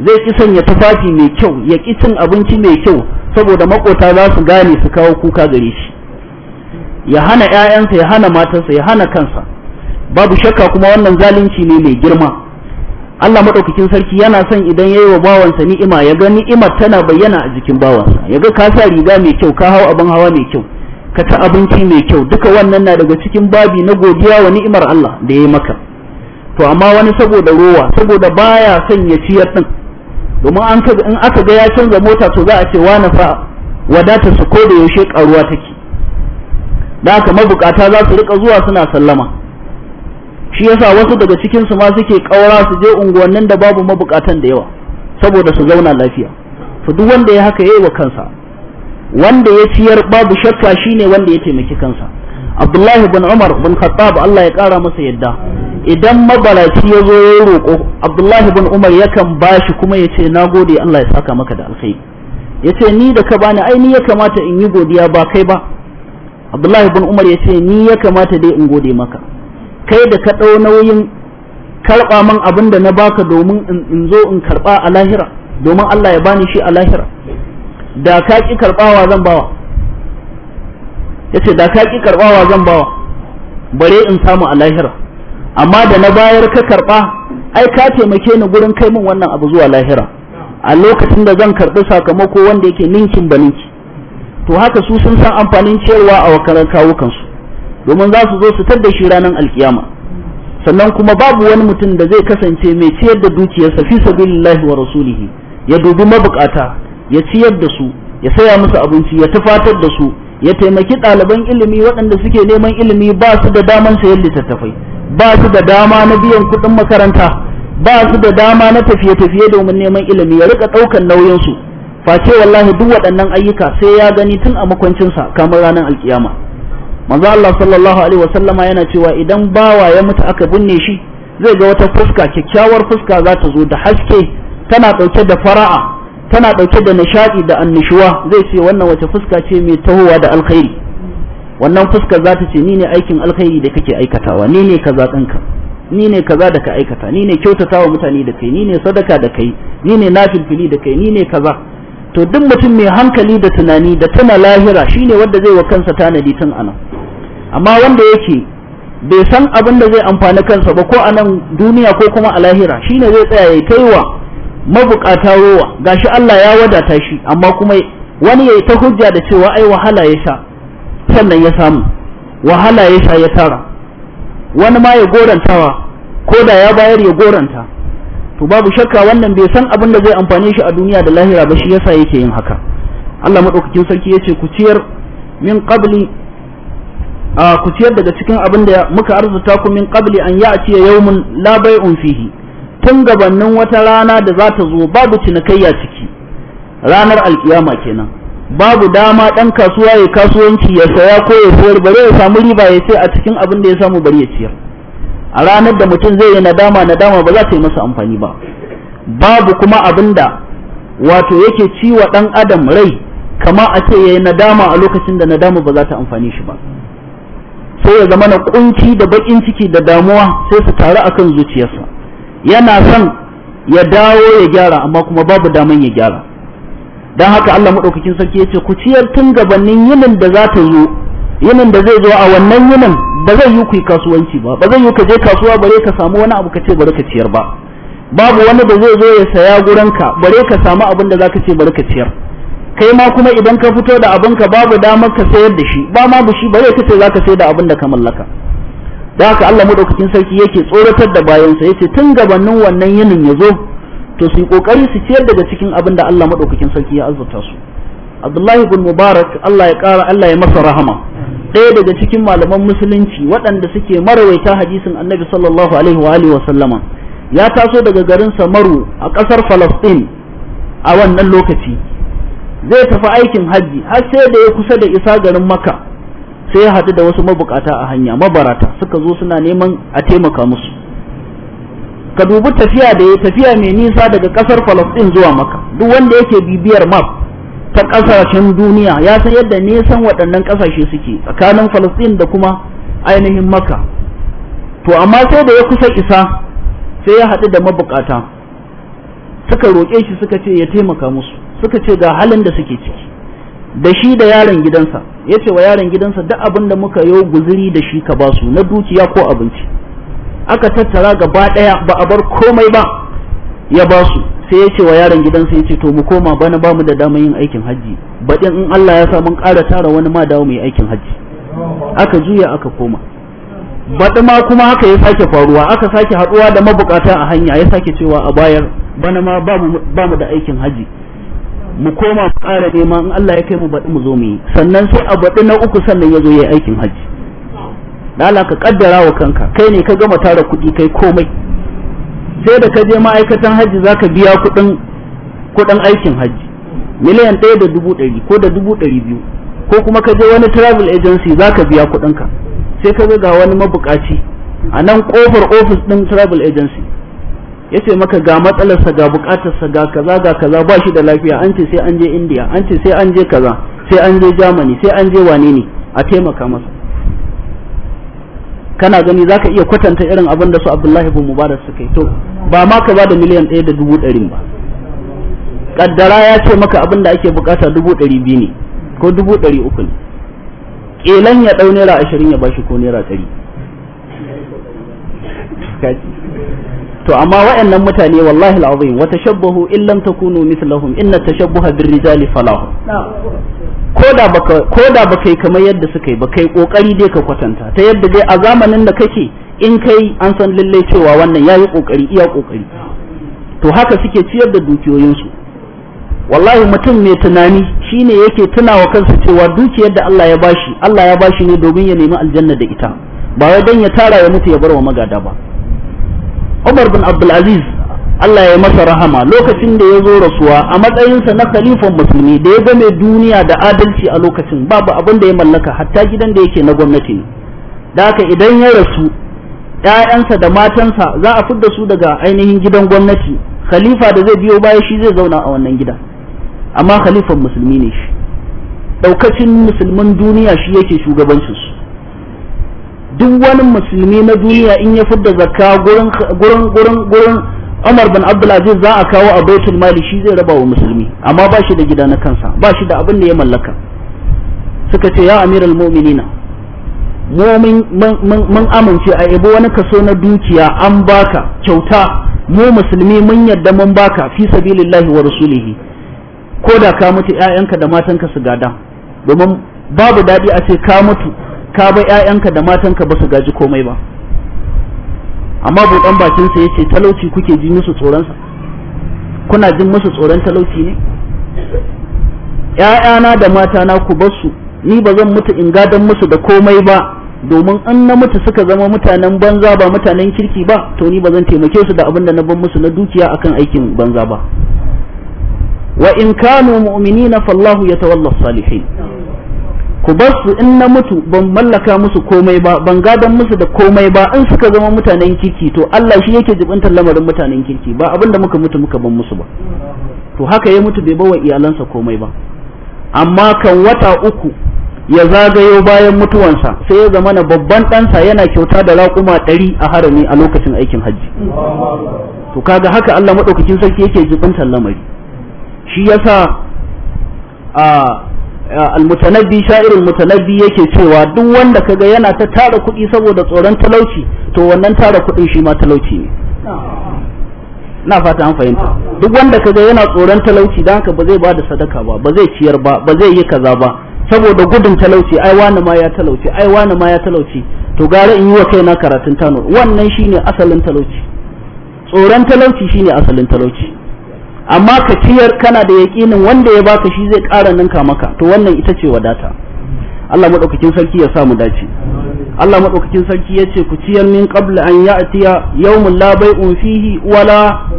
zai ki sanya tufafi mai kyau ya ki cin abinci mai kyau saboda makota za su gane su kawo kuka gare shi ya hana ƴaƴansa ya hana matarsa ya hana kansa babu shakka kuma wannan zalunci ne mai girma Allah madaukakin sarki yana son idan yayi wa bawansa ni'ima ya ga ni'imar tana bayyana a jikin bawansa ya ga ka sa riga mai kyau ka hau abin hawa mai kyau ka ta abinci mai kyau duka wannan na daga cikin babi na godiya wa ni'imar Allah da ya yi maka to amma wani saboda rowa saboda baya son ya ciyar din domin an ka in aka ga ya canza mota to za a ce wani fa wadata su ko da yaushe karuwa take da haka mabukata za su rika zuwa suna sallama shi yasa wasu daga cikin su ma suke kaura su je unguwannin da babu mabukatan da yawa saboda su zauna lafiya to duk wanda ya haka yayi wa kansa wanda ya ciyar babu shakka shine wanda ya taimaki kansa abdullahi bin umar bin khattab Allah ya kara masa yadda idan mabalaci ya zo ya roƙo abdullahi bin umar yakan bashi kuma ya ce na gode Allah ya saka maka da alkhairi ya ce ni da ka bani ai ni ya kamata in yi godiya ba kai ba abdullahi bin umar ya ce ni ya kamata dai in gode maka kai da ka ɗau nauyin karɓa min abin da na baka domin in zo in karɓa a lahira domin Allah ya bani shi a lahira da ka ki karbawa zan bawa yace da ka ki karbawa zan bawa bare in samu a lahira amma da na bayar ka karɓa, ai ka taimake ni gurin kai min wannan abu zuwa lahira a lokacin da zan karɓi sakamako wanda yake ninkin ninki, to haka su sun san amfanin ciyarwa a wakarar kawukansu domin za su zo su tar shi ranar alkiyama sannan kuma babu wani mutum da zai kasance mai ciyar da dukiyarsa fi sabilillahi wa rasulihi ya dubi mabukata ya ciyar da su ya saya musu abinci ya tufatar da su ya taimaki ɗaliban ilimi waɗanda suke neman ilimi ba su da daman sayan littattafai ba su da dama na biyan kuɗin makaranta ba su da dama na tafiye-tafiye domin neman ilimi ya rika ɗaukan nauyinsu face wallahi duk waɗannan ayyuka sai ya gani tun a makwancinsa kamar ranar alkiyama manzo Allah sallallahu alaihi wasallama yana cewa idan bawa ya mutu aka binne shi zai ga wata fuska kyakkyawar fuska za ta zo da haske tana ɗauke da fara'a tana ɗauke da nishaɗi da annishuwa zai ce wannan wace fuska ce mai tahowa da alkhairi wannan fuska za ta ce ni ne aikin alkhairi da kake aikatawa ni ne kaza ɗinka ni ne kaza da ka aikata ni ne kyautatawa mutane da kai ni ne sadaka da kai ni ne nafilfili da kai ni ne kaza to duk mutum mai hankali da tunani da tana lahira shine wanda zai wa kansa tanadi tun anan amma wanda yake bai san abin da zai amfani kansa ba ko a nan duniya ko kuma a lahira shine zai tsaya ya kaiwa mabukata rowa gashi Allah ya wadata shi amma kuma wani yayi ta hujja da cewa ai wahala ya sha sannan ya samu wahala ya sha ya tara wani ma ya gorantawa ko da ya bayar ya goranta to babu shakka wannan bai san abin da zai amfane shi a duniya da lahira ba shi yasa yake yin haka Allah madaukakin sarki yace ku ciyar min qabli a ku ciyar daga cikin abin da muka arzuta ku min qabli an ya'tiya yawmun la bay'un fihi tun gabannin wata rana da za ta zo babu cinikayya ciki ranar alkiyama kenan babu dama ɗan kasuwa ya kasuwanci ya saya ko ya sayar bare ya samu riba ya ce a cikin abin da ya samu bare ya ciyar a ranar da mutum zai yi nadama nadama ba za ta yi masa amfani ba babu kuma abin da wato yake ciwa ɗan adam rai kama a ce yayi nadama a lokacin da nadama ba za ta amfani shi ba sai ya zama na kunci da baƙin ciki da damuwa sai su taru akan zuciyarsa yana son ya dawo ya gyara amma kuma babu daman ya gyara don haka Allah maɗaukakin sarki ya ce ku ciyar tun gabanin yinin da za ta zo yinin da zai zo a wannan yinin ba zai yi ku yi kasuwanci ba ba zai yi ka je kasuwa bare ka samu wani abu ka ce bare ka ciyar ba babu wani da zai zo ya saya gurinka bare ka samu abin da za ka ce bare ka ciyar kai ma kuma idan ka fito da abinka babu damar ka sayar da shi ba ma shi bare ka ce za ka sayar da abin da ka mallaka da haka Allah madaukakin sarki yake tsoratar da bayansa yace tun gabanin wannan yinin ya zo to su kokari su ciyar daga cikin abin da Allah madaukakin sarki ya azurta su Abdullahi bn Mubarak Allah ya kara Allah ya masa rahama ɗaya daga cikin malaman musulunci waɗanda suke marawaita hadisin Annabi sallallahu alaihi wa alihi wa sallama ya taso daga garin Samaru a ƙasar Falastin a wannan lokaci zai tafi aikin hajji har sai da ya kusa da isa garin Makka sai ya hadu da wasu mabukata a hanya mabarata suka zo suna neman a taimaka musu ka dubi tafiya da ya tafiya mai nisa daga ƙasar falastin zuwa maka duk wanda yake bibiyar map ta ƙasashen duniya ya san yadda nisan waɗannan ƙasashe suke tsakanin falastin da kuma ainihin maka to amma sai da ya kusa isa sai ya haɗu da mabukata suka roƙe shi suka ce ya taimaka musu suka ce ga halin da suke ciki da shi da yaron gidansa ya ce wa yaron gidansa duk abin da muka yi guziri da shi ka basu na dukiya ko abinci aka tattara gaba ɗaya ba a bar komai ba ya basu sai ya ce wa yaron gidansa ya ce to mu koma bana ba mu da damar yin aikin hajji baɗin in Allah ya sa mun ƙara tara wani ma dawo mu yi aikin hajji aka juya aka koma baɗi ma kuma haka ya sake faruwa aka sake haɗuwa da mabukata a hanya ya sake cewa a bayar bana ma ba mu da aikin hajji mu koma mu ƙara nema in Allah ya kai mu baɗi mu zo mu yi sannan sai a baɗi na uku sannan ya zo ya yi aikin hajji da Allah ka ƙaddara wa kanka kai ne ka gama tara kuɗi kai komai sai da ka je ma'aikatan hajji za ka biya kuɗin aikin hajji miliyan ɗaya da dubu ɗari ko da dubu ɗari biyu ko kuma ka je wani travel agency za ka biya kuɗinka sai ka ga wani mabuƙaci a nan ƙofar ofis ɗin travel agency ya ce maka ga matsalarsa ga bukatarsa ga kaza ga kaza ba shi da lafiya an ce sai an je indiya an ce sai an je kaza sai an je germany sai an je wane ne a taimaka masa kana gani zaka iya kwatanta irin abin da su abdullahi bin mubarak suka yi to ba ma ka ba da miliyan ɗaya da dubu ɗarin ba kaddara ya ce maka abin da ake bukata dubu ɗari biyu ne ko dubu ɗari uku ne kelan ya ɗau naira ashirin ya bashi ko naira ɗari to amma waɗannan mutane wallahi al'azim wa tashabbahu in lam takunu mithlahum inna tashabbuha birrijali falahu koda baka koda baka yi kamar yadda suka yi bakai kai kokari dai ka kwatanta ta yadda dai a zamanin da kake in kai an san lalle cewa wannan yayi kokari iya kokari to haka suke ciyar da dukiyoyinsu wallahi mutum mai tunani shine yake tunawa kansa cewa dukiyar da Allah ya bashi Allah ya bashi ne domin ya nemi aljanna da ita ba wai dan ya tara ya mutu ya bar wa magada ba Umar bin Abdulaziz Allah ya masa rahama lokacin da ya zo rasuwa a matsayinsa na khalifan musulmi da ya game duniya da adalci a lokacin babu abin da ya mallaka hatta gidan da yake na gwamnati ne da haka idan ya rasu ‘ya'yansa da matansa za a fidda su daga ainihin gidan gwamnati khalifa da zai biyo baya shi zai zauna a wannan gidan amma khalifan musulmi ne shi ɗaukacin musulmin duniya shi yake shugabancinsu duk wani musulmi na duniya in ya fidda zakka gurin gurin gurin Umar bin Abdulaziz za a kawo a baitul mali shi zai raba wa musulmi amma ba shi da gida na kansa ba shi da abin da ya mallaka suka ce ya amiral mu'minina mu mun amince a yabo wani kaso na dukiya an baka kyauta mu musulmi mun yarda mun baka fi sabilillahi wa rasulihi ko da ka mutu ƴaƴanka da matanka su gada domin babu daɗi a ce ka mutu ka ba 'ya'yanka da matanka ba su gaji komai ba amma buɗan bakin sa yace talauci kuke ji musu tsoronsa kuna jin musu tsoron talauci ne 'ya'yana da matana ku bar su ni ba zan mutu in dan musu da komai ba domin an na mutu suka zama mutanen banza ba mutanen kirki ba to ni ba zan taimake su da abin da na ban musu na dukiya akan aikin banza ba wa in kanu mu'minina fallahu yatawalla salihin ku bar su in na mutu ban mallaka musu komai ba ban gadon musu da komai ba in suka zama mutanen kirki to Allah shi yake jibintar lamarin mutanen kirki ba abinda muka mutu muka ban musu ba to haka ya mutu bai bawa iyalansa komai ba amma kan wata uku ya zagayo bayan mutuwansa sai ya zama na babban ɗansa yana kyauta da raƙuma ɗari a harami a lokacin aikin hajji to kaga haka Allah maɗaukakin sarki yake jibintar lamari shi yasa a almutanabbi sha'irul mutanabbi yake cewa duk wanda kaga yana ta tara kuɗi saboda tsoron talauci to wannan tara kuɗin shi ma talauci ne na fata an fahimta duk wanda kaga yana tsoron talauci dan ka ba zai bada sadaka ba ba zai ciyar ba ba zai yi kaza ba saboda gudun talauci ai wani ma ya talauci ai wani ma ya talauci to gara in yi wa kaina karatun tano wannan shine asalin talauci tsoron talauci shine asalin talauci amma ka ciyar kana da yaƙinin wanda ya baka shi zai ƙara ninka maka to wannan ita ce wadata Allah madaukakin sarki ya samu mu dace Allah madaukakin sarki ya ce ku ciyar min qabla an ya'tiya yawmun la bai'un fihi wala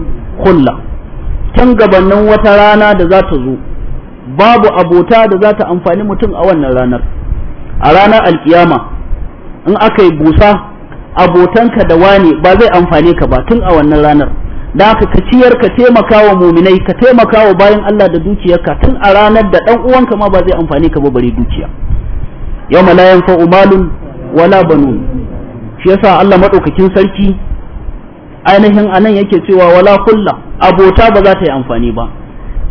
khulla can gabanin wata rana da za ta zo babu abota da za ta amfani mutum a wannan ranar a ranar alkiyama in aka yi busa abotanka da wane ba zai amfane ka ba tun a wannan ranar da haka ka ciyar ka taimaka wa muminai ka taimaka wa bayan Allah da dukiyarka tun a ranar da dan uwanka ma ba zai amfani ka ba bare dukiya yawma la yanfa'u malun wala banun shi yasa Allah madaukakin sarki ainihin anan yake cewa wala kulla abota ba za ta yi amfani ba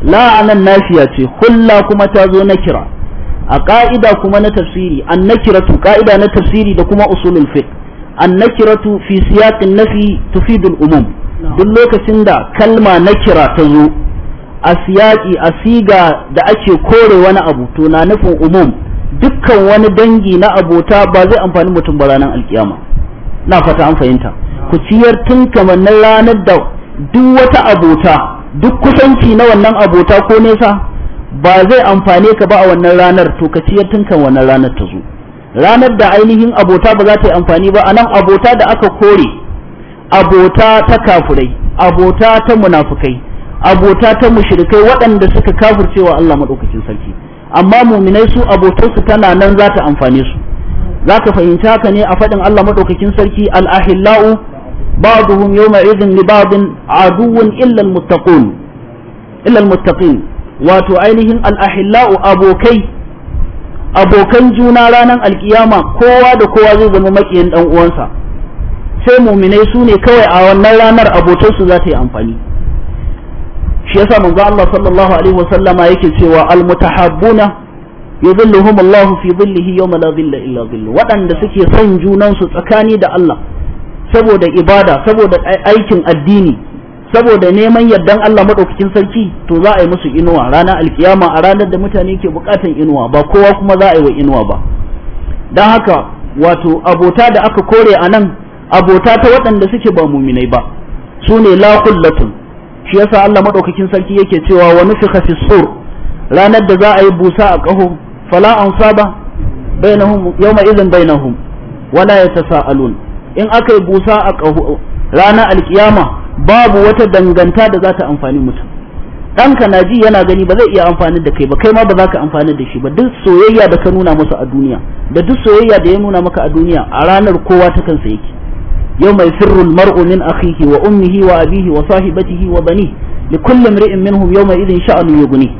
la anan nafiya ce kulla kuma ta zo na kira a ka'ida kuma na tafsiri an nakiratu ka'ida na tafsiri da kuma usulul fiqh an nakiratu fi siyaqin nafi tufidul umum duk lokacin da kalma na kira ta zo a siyaƙi a siga da ake kore wani abu to na nufin umum dukkan wani dangi na abota ba zai amfani mutum ba ranar alkiyama na fata an fahimta ku ciyar tun kamannin ranar da duk wata abota duk kusanci na wannan abota ko nesa ba zai amfane ka ba a wannan ranar to ka ciyar tun kan wannan ranar ta zo ranar da ainihin abota ba za ta yi amfani ba a nan abota da aka kore abota ta kafurai abota ta munafukai abota ta mushrikai waɗanda suka kafircewa Allah madaukakin sarki amma muminai su abotarsu tana nan za ta amfane su za ka fahimci haka ne a faɗin Allah madaukakin sarki al-ahillau ba'dhum yawma idhin li ba'din aduwwun illa al illa al wato ainihin al abokai abokan juna ranar alkiyama kowa da kowa zai zama makiyin dan uwansa sai muminai su ne kawai a wannan ranar abotarsu za ta yi amfani shi yasa manzo Allah sallallahu alaihi wasallama yake cewa almutahabbuna yuzilluhum Allah fi dhillihi yawma la dhilla illa dhillu wadanda suke son junansu su tsakani da Allah saboda ibada saboda aikin addini saboda neman yardan Allah madaukakin sarki to za a yi musu inuwa ranar alkiyama a ranar da mutane ke bukatan inuwa ba kowa kuma za a yi wa inuwa ba dan haka wato abota da aka kore a nan abota ta waɗanda suke ba muminai ba su ne laƙullatun shi shi yasa Allah maɗaukakin sarki yake cewa wa nufikha fi sur ranar da za a yi busa a ƙaho fala ansaba bainahum yawma idhin bainahum wala yatasaalun in aka yi busa a ƙaho ranar alkiyama babu wata danganta da za ta amfani mutum ɗanka na ji yana gani ba zai iya amfani da kai ba kai ma ba za ka amfani da shi ba duk soyayya da ka nuna masa a duniya da duk soyayya da ya nuna maka a duniya a ranar kowa ta kansa yake يوم يفر المرء من أخيه وأمه وأبيه وصاحبته وبنيه لكل امرئ منهم يومئذ شأن يغنيه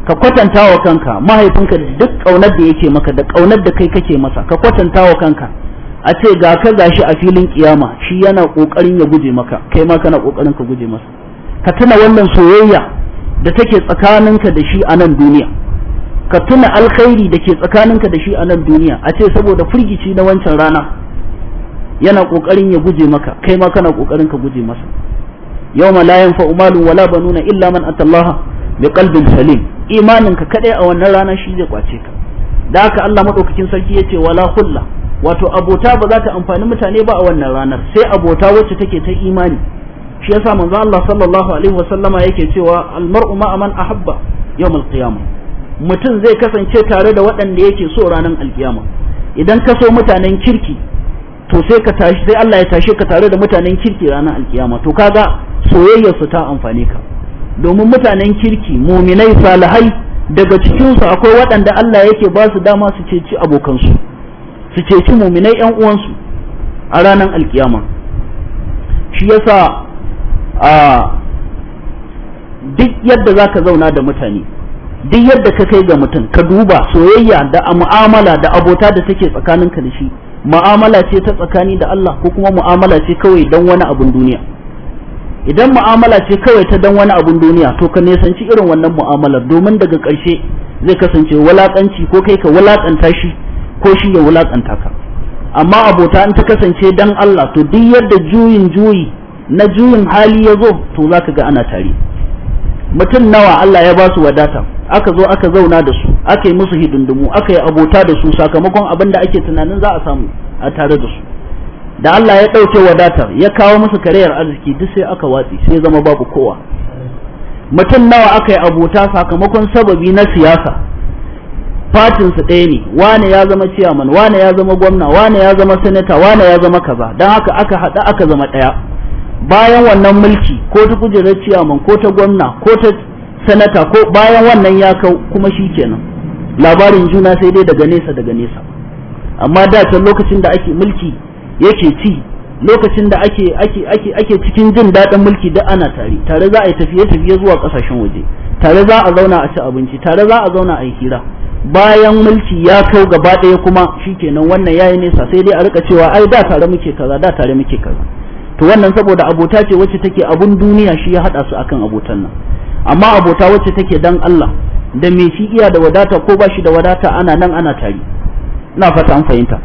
ka kwatanta wa kanka mahaifinka duk ƙaunar da yake maka da ƙaunar da kai kake masa ka kwatanta wa kanka a ce ga ka gashi a filin kiyama shi yana ƙoƙarin ya guje maka kai ma kana ƙoƙarin ka guje masa ka tuna wannan soyayya da take tsakaninka da shi a nan duniya ka tuna alkhairi da ke tsakaninka da shi a nan duniya a ce saboda firgici na wancan rana yana kokarin ya guje maka kai ma kana kokarin ka guje masa yawma la yanfa malun wala banuna illa man atallaha biqalbin salim imanin ka kadai a wannan rana shi zai kwace ka da haka Allah madaukakin sarki yace wala hulla wato abota ba za ta amfani mutane ba a wannan ranar sai abota wacce take ta imani shi yasa manzo Allah sallallahu alaihi wasallama yake cewa mar'u ma man ahabba yawm qiyamah mutum zai kasance tare da waɗanda yake so ranar alkiyama idan ka so mutanen kirki to sai ka tashi sai Allah ya tashi ka tare da mutanen kirki ranar alkiyama to kaga soyayya su ta amfane ka domin mutanen kirki muminai salihai daga cikin su akwai waɗanda Allah yake ba su dama su ceci abokansu su ceci muminai ƴan uwansu a ranar alkiyama shi yasa a duk yadda zaka zauna da mutane duk yadda ka kai ga mutum ka duba soyayya da mu'amala da abota da take tsakaninka da shi mu'amala ce ta tsakani da Allah ko kuma mu'amala ce kawai don wani abun duniya idan mu'amala ce kawai ta dan wani abun duniya to ka nesanci irin wannan mu'amalar domin daga ƙarshe zai kasance wulaƙanci ko kai ka wulaƙanta shi ko shi ya wulaƙanta ka amma abota in ta kasance dan Allah to duk yadda juyin juyi na juyin hali ya zo to za ga ana tare mutum nawa Allah ya ba su wadata aka zo aka zauna da su aka yi musu hidindimu aka yi abota da su sakamakon abin da ake tunanin za a samu a tare da su da Allah ya ɗauke wadatar ya kawo musu kariyar arziki duk sai aka watsi sai zama babu kowa mutum nawa aka yi abota sakamakon sababi na siyasa fatinsu ɗaya ne wane ya zama ciyaman wane ya zama gwamna wane ya zama sanata wane ya zama kaza don haka aka haɗa aka zama ɗaya bayan wannan mulki ko ta kujerar ciyaman ko ta gwamna ko ta sanata ko bayan wannan ya kau kuma shi kenan labarin juna sai dai daga nesa daga nesa amma da can lokacin da ake mulki yake ci lokacin da ake ake ake ake cikin jin daɗin mulki duk ana tare tare za a yi tafiye tafiye zuwa kasashen waje tare za a zauna a ci abinci tare za a zauna a yi hira bayan mulki ya kau gaba ɗaya kuma shikenan wannan yayi nesa sai dai a rika cewa ai da tare muke kaza da tare muke kaza to wannan saboda abota ce wacce take abun duniya shi ya haɗa su akan abotan nan amma abota wacce take dan Allah da me shi iya da wadata ko ba shi da wadata ana nan ana tari ina fata an fahimta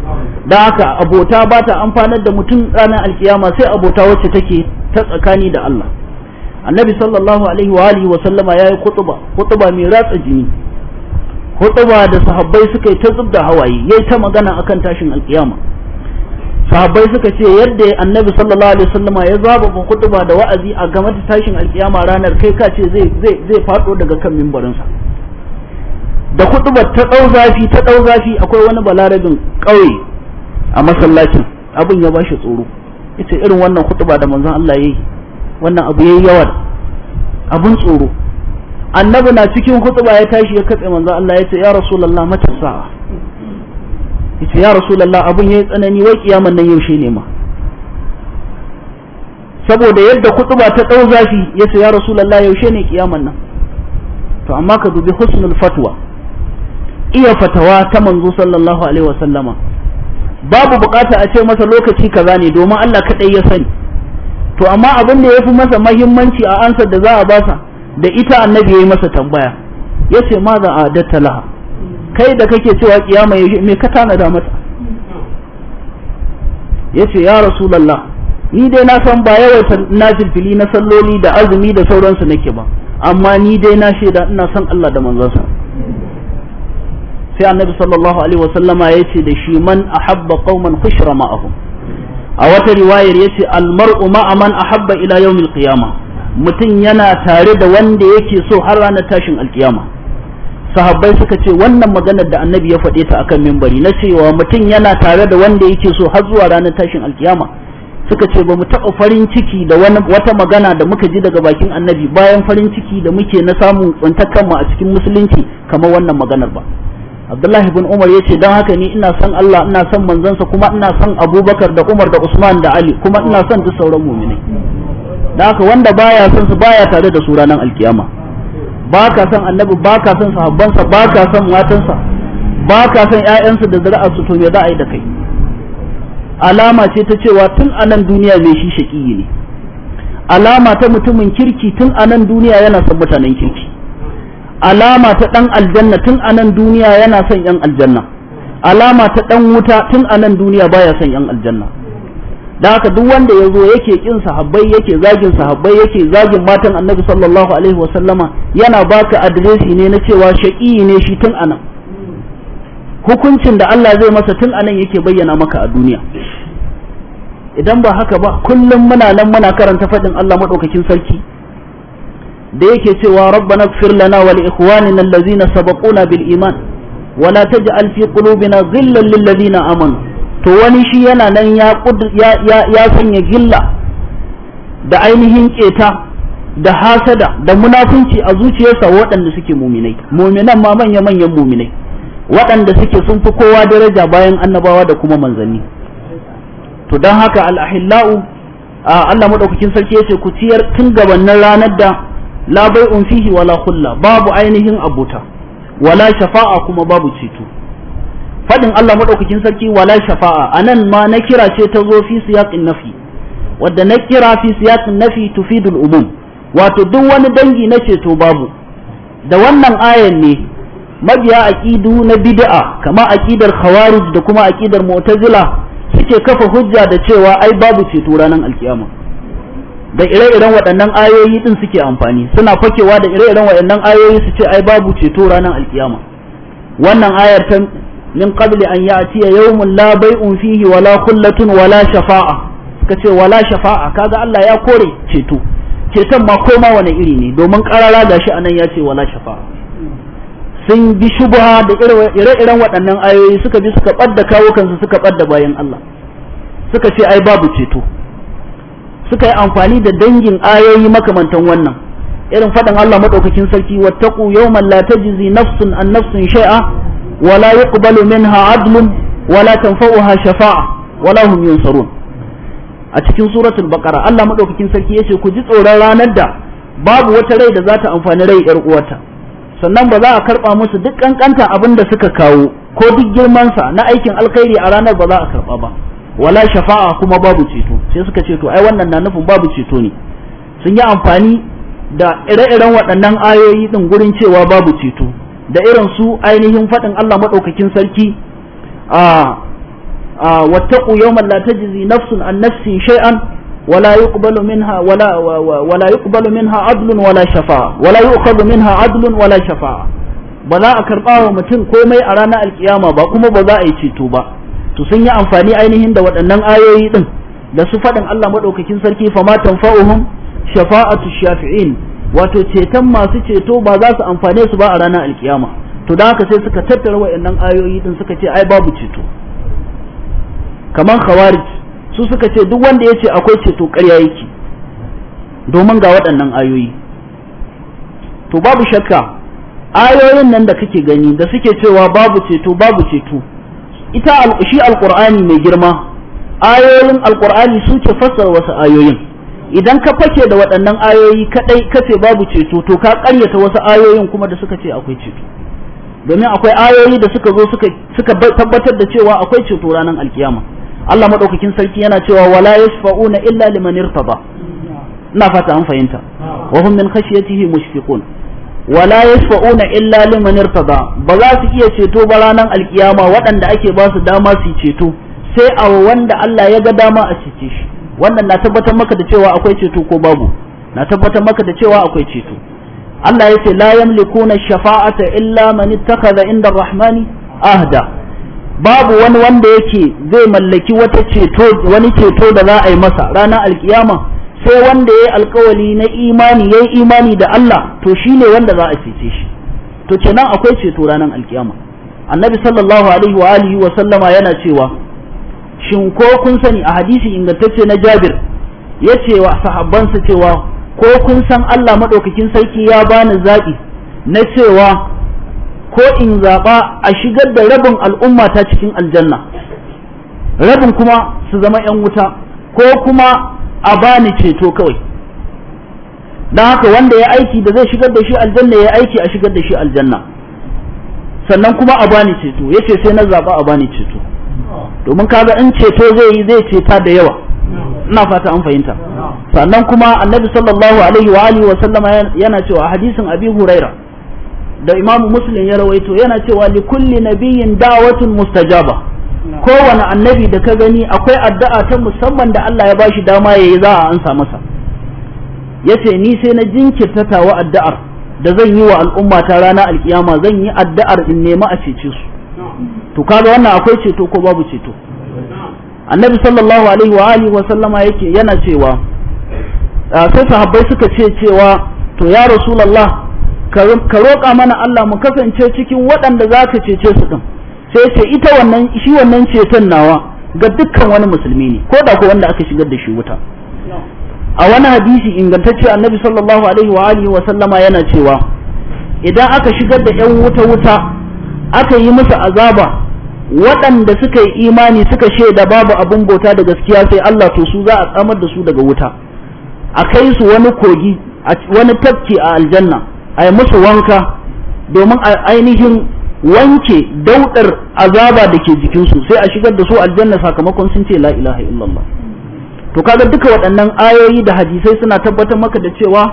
dan haka abota ba ta amfanar da mutum ranar alkiyama sai abota wacce take ta tsakani da Allah annabi sallallahu alaihi wa alihi wa sallama yayi khutba khutba mai ratsa jini khutba da sahabbai suka yi ta zubda hawaye yayi ta magana akan tashin alkiyama sahabbai suka ce yadda annabi sallallahu alaihi wasallama ya zaba kutuba da wa'azi a game da tashin alkiyama ranar kai ka ce zai zai zai fado daga kan sa da kutuba ta dau zafi ta dau zafi akwai wani balarabin kauye a masallacin abin ya bashi tsoro yace irin wannan kutuba da manzon Allah yayi wannan abu yayi yawa abin tsoro annabi na cikin kutuba ya tashi ya katse manzon Allah yace ya rasulullah mata sa'a yace ya rasulullah abun yayi tsanani wai kiyaman nan yaushe ne ma saboda yadda kutuba ta dau zafi yace ya rasulullah yaushe ne kiyaman nan to amma ka dubi husnul fatwa iya fatawa ta manzo sallallahu alaihi wasallama babu bukata a ce masa lokaci kaza ne domin Allah kadai ya sani to amma abin da yafi masa mahimmanci a ansar da za a basa da ita annabi yayi masa tambaya yace ma za a adatta laha kai da kake cewa kiyama yaushe me ka tanada mata ce ya rasulullah ni dai na san ba yawan nafilfili na salloli da azumi da sauransu nake ba amma ni dai na shaida ina son Allah da manzansa sai annabi sallallahu alaihi ya yace da shi man ahabba qauman khushra ma'ahum a wata riwayar yace almar'u ma'a man ahabba ila yawmil qiyamah mutum yana tare da wanda yake so har ranar tashin alkiyama sahabbai suka ce wannan maganar da annabi ya faɗe ta akan mimbari na cewa mutum yana tare da wanda yake so har zuwa ranar tashin alkiyama suka ce ba mu taɓa farin ciki da wata magana da muka ji daga bakin annabi bayan farin ciki da muke na samun tsantar kanmu a cikin musulunci kamar wannan maganar ba abdullahi bin umar ya ce don haka ni ina son allah ina son manzansa kuma ina son abubakar da umar da usman da ali kuma ina son duk sauran muminai da haka wanda baya son su baya tare da su ranar alkiyama ba ka san annabi ba ka san sahabbansa ba ka san matansa ba ka san ƴaƴansa da zuri'arsu to me za a yi da kai alama ce ta cewa tun a nan duniya mai shi shaƙiyi ne alama ta mutumin kirki tun a nan duniya yana son mutanen kirki alama ta ɗan aljanna tun a nan duniya yana son ‘yan aljanna alama ta ɗan wuta tun a nan duniya baya son ‘yan aljanna Da haka duk wanda ya zo yake kin sahabbai yake zagin sahabbai yake zagin matan annabi sallallahu alaihi wasallama yana baka adresi ne na cewa shaqi ne shi tun anan hukuncin da Allah zai masa tun anan yake bayyana maka a duniya idan ba haka ba kullum muna nan muna karanta fadin Allah madaukakin sarki da yake cewa rabbana ighfir lana wa li ikhwanina allazina sabaquna bil iman wa la taj'al fi qulubina ghillan lil ladina amanu to wani shi yana nan ya ya sanya gilla da ainihin keta da hasada da munafunci a zuciyarsa waɗanda suke muminai muminan ma manya manyan muminai waɗanda suke sun fi kowa daraja bayan annabawa da kuma manzanni to don haka al'ahillau Allah maɗaukakin sarki yace ku ciyar tun gabanin ranar da la bai'un fihi wala khulla babu ainihin abuta wala shafa'a kuma babu ceto fadin Allah madaukakin sarki wala shafa'a anan ma na kira ce ta zo fi siyaqin nafi wadda na kira fi siyaqin nafi tufidul umum wato duk wani dangi na ceto babu da wannan ayan ne mabiya aqidu na bid'a kama aqidar khawarij da kuma aqidar mu'tazila suke kafa hujja da cewa ai babu ceto ranar alkiyama da ire-iren waɗannan ayoyi din suke amfani suna fakewa da ire-iren waɗannan ayoyi su ce ai babu ceto ranar alkiyama wannan ayar ta min qabli an ya'tiya yawmun la bay'un fihi wala khullatun wala shafa'a suka ce wala shafa'a kaga Allah ya kore ceto ceton ma koma wani iri ne domin karara gashi anan ya ce wala shafa'a sun bi shubha da ire-iren waɗannan ayoyi suka bi suka ɓadda kawo kansu suka ɓadda bayan Allah suka ce ai babu ceto suka yi amfani da dangin ayoyi makamantan wannan irin faɗin Allah madaukakin sarki wattaqu yawman la tajzi nafsun an nafsun shay'a ولا يقبل منها عدل ولا تنفعها شفاعة ولا هم ينصرون أتكين سورة ku ji tsoron ranar da babu wata rai da za ta amfani rai ري إرقوتا sannan ba za a karba musu duk kankanta abin da suka kawo ko duk girmansa na aikin alkhairi a ranar ba za a karba ba wala shafa'a kuma babu ceto sai suka ce to ai wannan na nufin babu ceto ne sun yi amfani da ire-iren waɗannan ayoyi din gurin cewa babu ceto da irin su ainihin faɗin Allah maɗaukakin sarki a wattaqu yawman la tajzi nafsun an nafsi shay'an wala yuqbalu minha wala wala yuqbalu minha adlun wala yi wala yu'khadhu minha adlun wala shafa. ba za a karɓa wa mutum komai a ranar alkiyama ba kuma ba za a yi ceto ba to sun yi amfani ainihin da waɗannan ayoyi ɗin da su faɗin Allah maɗaukakin sarki fa ma tanfa'uhum shafa'atu shafi'in wato ceton masu ceto ba za su amfane su ba a ranar alkiyama to da haka sai suka tattara wayannan ayoyi din suka ce ai babu ceto kamar khawarij su suka ce duk wanda ya ce akwai ceto ƙarya yake domin ga waɗannan ayoyi to babu shakka ayoyin nan da kake gani da suke cewa babu ceto babu ceto ita shi alƙur'ani mai girma ayoyin alƙur'ani suke fassara wasu ayoyin idan ka fake da waɗannan ayoyi kaɗai kace babu ceto to ka ƙaryata wasu ayoyin kuma da suka ce akwai ceto domin akwai ayoyi da suka zo suka tabbatar da cewa akwai ceto ranar alkiyama Allah maɗaukakin sarki yana cewa wala yashfa'una illa liman irtaba ina fata an fahimta wa hum min khashyatihi mushfiqun wala yashfa'una illa liman irtaba ba za su iya ceto ba ranar alkiyama waɗanda ake ba su dama su ceto sai a wanda Allah ya ga dama a cece shi wannan na tabbatar maka da cewa akwai ceto ko babu na tabbatar maka da cewa akwai ceto Allah ya ce la yamlikuna shafa'ata illa man ittakhadha inda rahmani ahda babu wani wanda yake zai mallaki wata ceto wani ceto da za a yi masa ranar alkiyama sai wanda ya yi alkawali na imani ya yi imani da Allah to shi ne wanda za a cece shi to kenan akwai ceto ranar alkiyama annabi sallallahu alaihi wa alihi wa sallama yana cewa shin ko kun sani a hadisi ingantacce na Jabir yace wa sahabbansa cewa ko kun san Allah madaukakin sarki ya bani zaɓi na cewa ko in zaba a shigar da rabin al'umma ta cikin aljanna rabin kuma su zama yan wuta ko kuma a bani ceto kawai don haka wanda ya aiki da zai shigar da shi aljanna ya aiki a shigar da shi aljanna sannan kuma a bani ceto yace sai na zaba a bani ceto domin kaga in ceto zai yi zai ceta da yawa ina fata an fahimta sannan kuma annabi sallallahu alaihi wa alihi wa sallama yana cewa hadisin abi huraira da imam muslim ya rawaito yana cewa li kulli nabiyyin da'watun mustajaba kowane annabi da ka gani akwai addu'a ta musamman da Allah ya bashi dama yayi za a ansa masa yace ni sai na jinkirta tawa addu'ar da zan yi wa al'umma ta ranar alkiyama zan yi addu'ar in nema a cece su to kaga wannan akwai ceto ko babu ceto annabi sallallahu alaihi wa alihi wa sallama yake yana cewa sai sahabbai suka ce cewa to ya rasulullah ka roƙa mana Allah mu kasance cikin waɗanda za ka cece su ɗin sai ce ita wannan shi wannan ceton nawa ga dukkan wani musulmi ne ko da ko wanda aka shigar da shi wuta a wani hadisi ingantacce annabi sallallahu alaihi wa alihi wa sallama yana cewa idan aka shigar da ƴan wuta wuta aka yi musu azaba waɗanda suka yi imani suka shaida babu abin bauta da gaskiya sai Allah to su za a tsamar da su daga wuta a kai su wani kogi wani tafki a aljanna a yi musu wanka domin a ainihin wanke daudar azaba da ke jikinsu sai a shigar da su aljanna sakamakon sun ce la ilaha illallah to kaga duka waɗannan ayoyi da hadisai suna tabbatar maka da cewa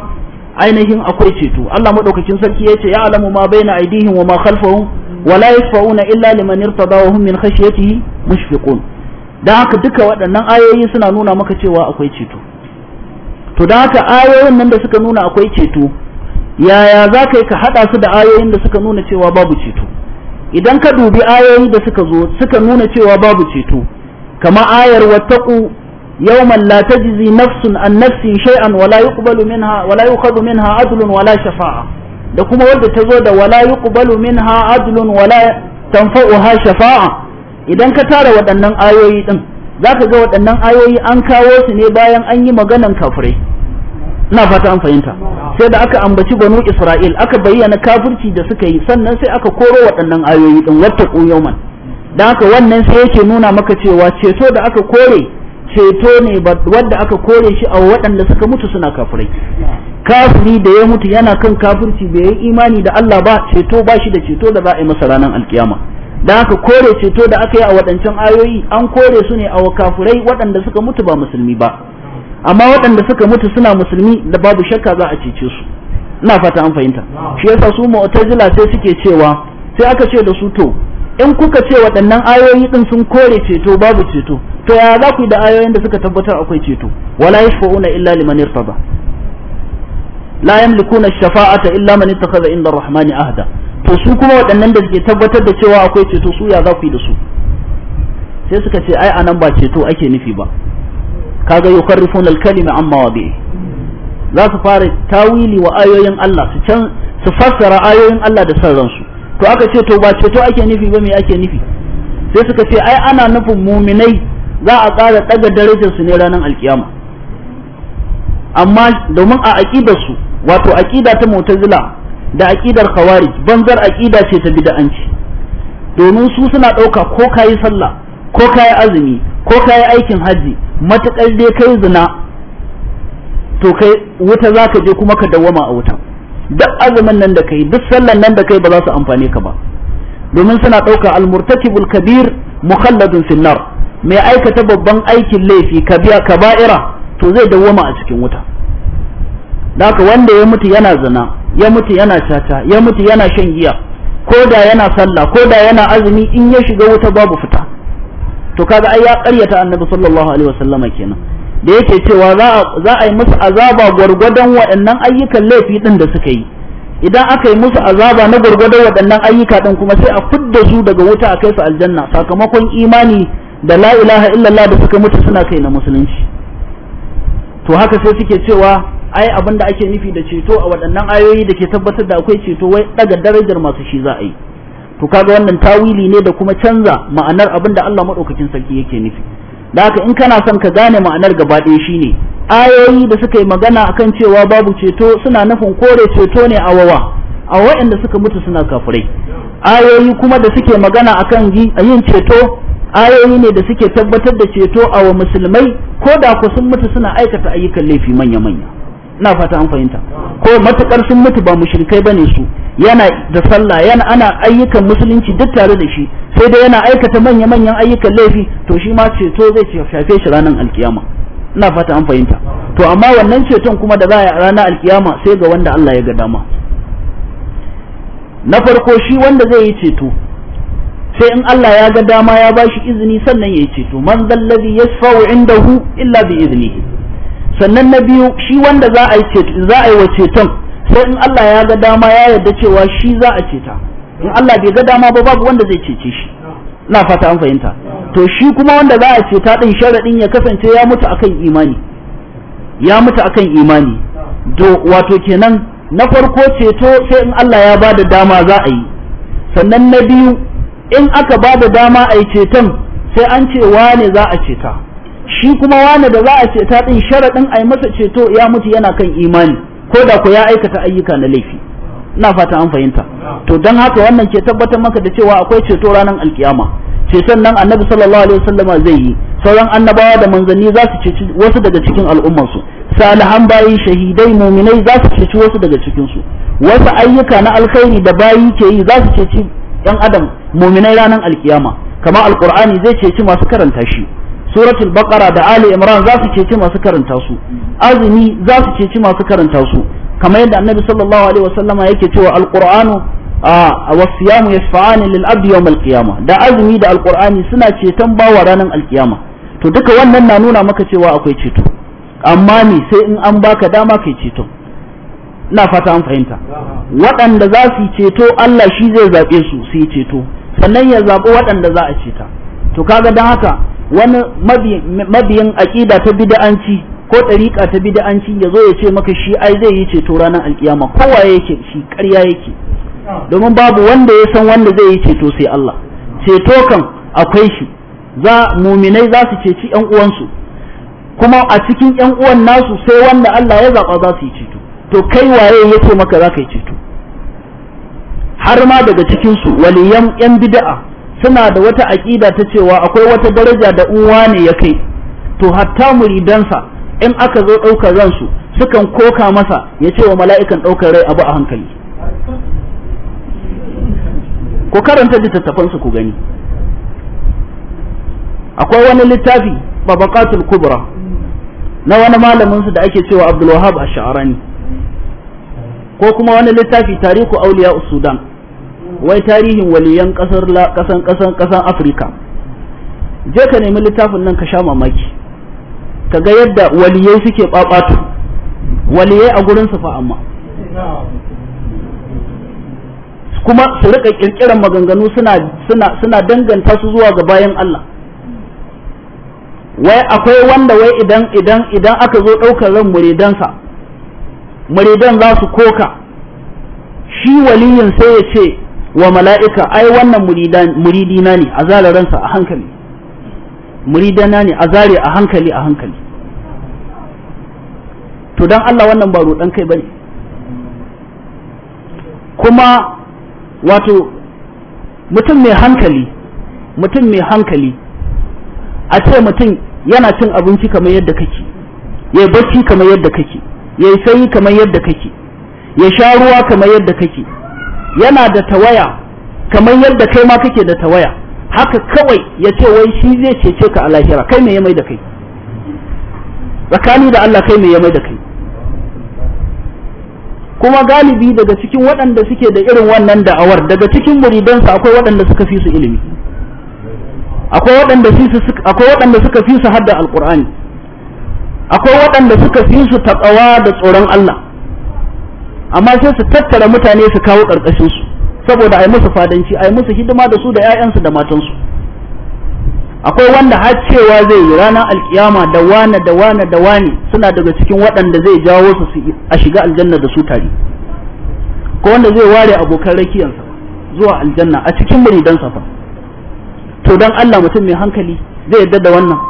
ainihin akwai ceto Allah madaukakin sarki ya ce ya alamu ma baina aidihim wa ma khalfahum wala yashfa'una illa liman irtada wa hum min khashyatihi mushfiqun dan haka duka waɗannan ayoyi suna nuna maka cewa akwai ceto to dan haka ayoyin nan da suka nuna akwai ceto yaya za ka yi ka haɗa su da ayoyin da suka nuna cewa babu ceto idan ka dubi ayoyin da suka zo suka nuna cewa babu ceto kama ayar wattaqu yawman la tajzi nafsun an nafsin shay'an wala yuqbalu minha wala yuqadu minha adlun wala shafa'a da kuma wadda ta zo da wala yuqbalu minha adlun wala tanfa'uha shafa'a idan ka tara waɗannan ayoyi din zaka ga waɗannan ayoyi an kawo su ne bayan an yi maganan kafire ina fata an fahimta sai da aka ambaci banu Isra'il aka bayyana kafirci da suka yi sannan sai aka koro waɗannan ayoyi din wata yawman dan haka wannan sai yake nuna maka cewa ceto da aka kore ceto ne wadda aka kore shi a waɗanda suka mutu suna kafirai kafiri da ya mutu yana kan kafirci bai yi imani da Allah ba ceto ba shi da ceto da za a yi masa ranar alkiyama da aka kore ceto da aka yi a waɗancan ayoyi an kore su ne a kafirai waɗanda suka mutu ba musulmi ba amma waɗanda suka mutu suna musulmi da babu shakka za a cece su ina fata an fahimta shi yasa su mu'tazila sai suke cewa sai aka ce da su to in kuka ce waɗannan ayoyi din sun kore ceto babu ceto to ya za ku yi da ayoyin da suka tabbatar akwai ceto wala yashfa'una illa liman irtada la yamlikuna shafa'ata illa man ittakhadha inda ar-rahmani ahda to su kuma waɗannan da suke tabbatar da cewa akwai ceto su ya za ku yi da su sai suka ce ai anan ba ceto ake nufi ba kaga yukarrifuna al-kalima amma wadi za su fara tawili wa ayoyin Allah su can su fassara ayoyin Allah da san ransu to aka ce to ba ceto ake nufi ba me ake nufi sai suka ce ai ana nufin muminai za a ƙara ɗaga darajarsu ne ranar alkiyama amma domin a aƙidarsu wato aƙida ta mutazila da aƙidar khawarij banzar aƙida ce ta bid'anci domin su suna ɗauka ko kayi sallah ko kayi azumi ko kayi aikin hajji matuƙar dai kai zina to kai wuta za ka je kuma ka dawwama a wutan duk azumin nan da kai duk sallan nan da kai ba za su amfane ka ba domin suna ɗauka almurtakibul kabir mukhalladun finnar mai aikata babban aikin laifi kabiya kaba'ira to zai dawwama a cikin wuta haka wanda ya mutu yana zina ya mutu yana caca ya mutu yana shan giya ko da yana sallah ko da yana azumi in ya shiga wuta babu fita to kaga ai ya ƙaryata annabi sallallahu alaihi wasallama kenan da yake cewa za a yi musu azaba gwargwadon waɗannan ayyukan laifi ɗin da suka yi idan aka yi musu azaba na gwargwadon waɗannan ayyuka ɗin kuma sai a fidda su daga wuta a kai su aljanna sakamakon imani da la ilaha illallah da suka mutu suna kai na musulunci to haka sai suke cewa ai abin da ake nufi da ceto a waɗannan ayoyi da ke tabbatar da akwai ceto wai daga darajar masu shi za a yi to kaga wannan tawili ne da kuma canza ma'anar abin da Allah madaukakin sarki yake nufi da haka in kana son ka gane ma'anar gaba ɗaya shine ayoyi da suka yi magana akan cewa babu ceto suna nufin kore ceto ne a wawa a waɗanda suka mutu suna kafirai ayoyi kuma da suke magana akan yin ceto ayoyi ne da suke tabbatar da ceto a wa musulmai ko da ku sun mutu suna aikata ayyukan laifi manya-manya ina fata an fahimta ko matukar sun mutu ba mushrikai bane su yana da sallah yana ana ayyukan musulunci duk tare da shi sai dai yana aikata manya manyan ayyukan laifi to shi ma ceto zai shafe shi ranar alkiyama ina fata an fahimta to amma wannan ceton kuma da za a ranar alkiyama sai ga wanda Allah ya ga dama na farko shi wanda zai yi ceto sai in Allah ya ga dama ya bashi izini sannan ya yi ceto man zallazi yashfa'u indahu illa bi izini sannan na biyu shi wanda za a yi za a yi wa ceton sai in Allah ya ga dama ya yarda cewa shi za a ceta in Allah bai ga dama ba babu wanda zai cece shi na fata an fahimta to shi kuma wanda za a ceta din sharadin ya kasance ya mutu akan imani ya mutu akan imani do wato kenan na farko ceto sai in Allah ya bada da dama za a yi sannan na biyu in aka ba da dama a yi ceton sai an ce wane za a ceta shi kuma wane da za a ceta din sharaɗin a yi masa ceto ya mutu yana kan imani ko da ku ya aikata ayyuka na laifi ina fata an fahimta to don haka wannan ke tabbatar maka da cewa akwai ceto ranar alkiyama ceton nan annabi sallallahu alaihi wasallam zai yi sauran annabawa da manzanni za su ceci wasu daga cikin al'ummar su salihan bayi shahidai muminai za su ceci wasu daga cikinsu wasu ayyuka na alkhairi da bayi ke yi za su ceci yan adam muminai ranar alkiyama kamar alkur'ani zai ceci masu karanta shi suratul baqara da ali imran za su ceci masu karanta su azumi za su ceci masu karanta su kamar yadda annabi sallallahu alaihi wasallama yake cewa alqur'anu wasiyamu yashfa'ani lil abdi yawm al qiyamah da azumi da alqur'ani suna ceton bawa ranar alkiyama to duka wannan na nuna maka cewa akwai ceto amma ne sai in an baka dama kai ceto ina fata an fahimta waɗanda za su ceto Allah shi zai zaɓe su su yi ceto sannan ya zaɓi waɗanda za a ceta to kaga don haka wani mabiyin aƙida ta bida'anci ko ɗariƙa ta bida'anci ya zo ya ce maka shi ai zai yi ceto ranar alkiyama kowa yake shi ƙarya yake domin babu wanda ya san wanda zai yi ceto sai Allah ceto kan akwai shi za muminai za su ceci ƴan uwansu kuma a cikin ƴan uwan nasu sai wanda Allah ya zaɓa za su yi ceto to kai waye ya ce maka za ka yi ceto har ma daga cikin su waliyan ƴan bida'a. suna da wata aƙida ta cewa akwai wata daraja da uwa ne ya kai to hatta muridansa in aka zo ɗaukar ransu sukan koka masa ya ce wa mala'ikan ɗaukar rai abu a hankali ko karanta littattafansu ku gani akwai wani littafi babakatul kubra na wani malaminsu da ake cewa abdulwahab a sha'arani ko kuma wani littafi tariku auliya sudan wai tarihin waliyan kasar kasan kasan kasan Afirka je ka nemi littafin nan ka sha mamaki ka ga yadda waliyai suke babatu waliyai a gurin su fa amma kuma su rika kirkiran maganganu suna suna suna danganta su zuwa ga bayan Allah wai akwai wanda wai idan idan idan aka zo daukar ran muridansa muridan za su koka shi waliyin sai ya ce wa mala'ika ai wannan muridina ne a zare ransa a hankali muridana ne a zare a hankali a hankali to don Allah wannan ba roɗan kai ba ne kuma wato mutum mai hankali mutum mai hankali a ce mutum yana cin abinci kamar yadda kake ya bacci kamar yadda kake ya yi kamar yadda kake ya sha ruwa kamar yadda kake yana da tawaya kamar yadda kai ma kake da tawaya haka kawai ya ce wai shi zai cece ka a lahira kai me ya mai da kai tsakani da Allah kai me ya mai da kai kuma galibi daga cikin waɗanda suke da irin wannan da'awar daga cikin muridansa akwai waɗanda suka fi su ilimi akwai waɗanda suka fi su hadda alqur'ani akwai waɗanda suka fi su taƙawa da tsoron Allah amma sai su tattara mutane su kawo karkashin su saboda ai musu fadanci ai musu hidima da su da ƴaƴansu da matansu akwai wanda har cewa zai yi ranar alkiyama da wane da wane da wane suna daga cikin waɗanda zai jawo su a shiga aljanna da su tare ko wanda zai ware abokan rakiyansa zuwa aljanna a cikin muridansa fa to dan Allah mutum mai hankali zai yarda da wannan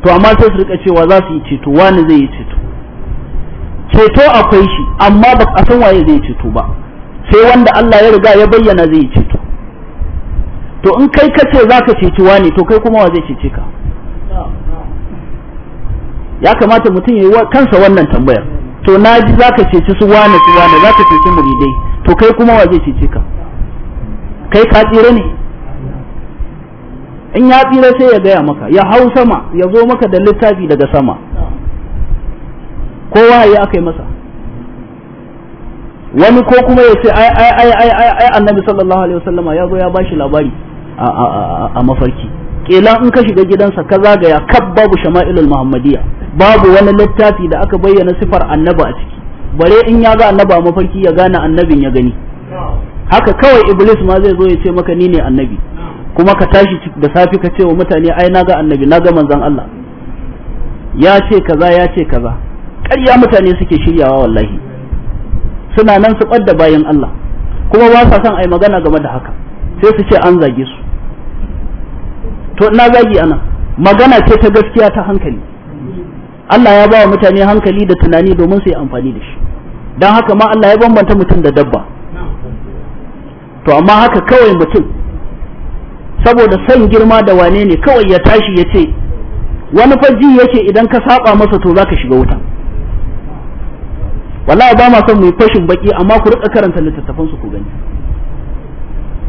to amma sai su rika cewa za su yi ceto wani zai yi ceto ceto akwai shi amma ba a san waye zai ceto ba sai wanda Allah ya riga ya bayyana zai ceto to in kai ka ce zaka ceci wani to kai kuma wa zai cece ka ya kamata mutum ya yi kansa wannan tambayar to na ji zaka ceci su wani su wani zaka ceci muridai to kai kuma wa zai cece ka kai ka tsira ne in ya tsira sai ya gaya maka ya hau sama ya zo maka da littafi daga sama ko wahayi aka yi masa wani ko kuma ya ce ai ai ai ai annabi sallallahu alaihi wasallam ya zo ya bashi labari a mafarki kila in ka shiga gidansa ka zagaya kab babu shama'ilul muhammadiyya babu wani littafi da aka bayyana sifar annaba a ciki bare in ya ga annaba a mafarki ya gane annabin ya gani haka kawai iblis ma zai zo ya ce maka ni ne annabi kuma ka tashi da safi ka ce wa mutane ai na ga annabi na ga manzon Allah ya ce kaza ya ce kaza karya mutane suke shiryawa wallahi suna nan su ɓadda bayan Allah kuma ba sa son a magana game da haka sai su ce an zage su to na zagi ana magana ce ta gaskiya ta hankali Allah ya ba wa mutane hankali da tunani domin su yi amfani da shi don haka ma Allah ya bambanta mutum da dabba to amma haka kawai mutum saboda son girma da wane ne kawai ya tashi ya ce wani faji ya ce idan ka saba masa to za ka shiga wuta wallahi ba ma son mu fashin baki amma ku rika karanta littattafan su ku gani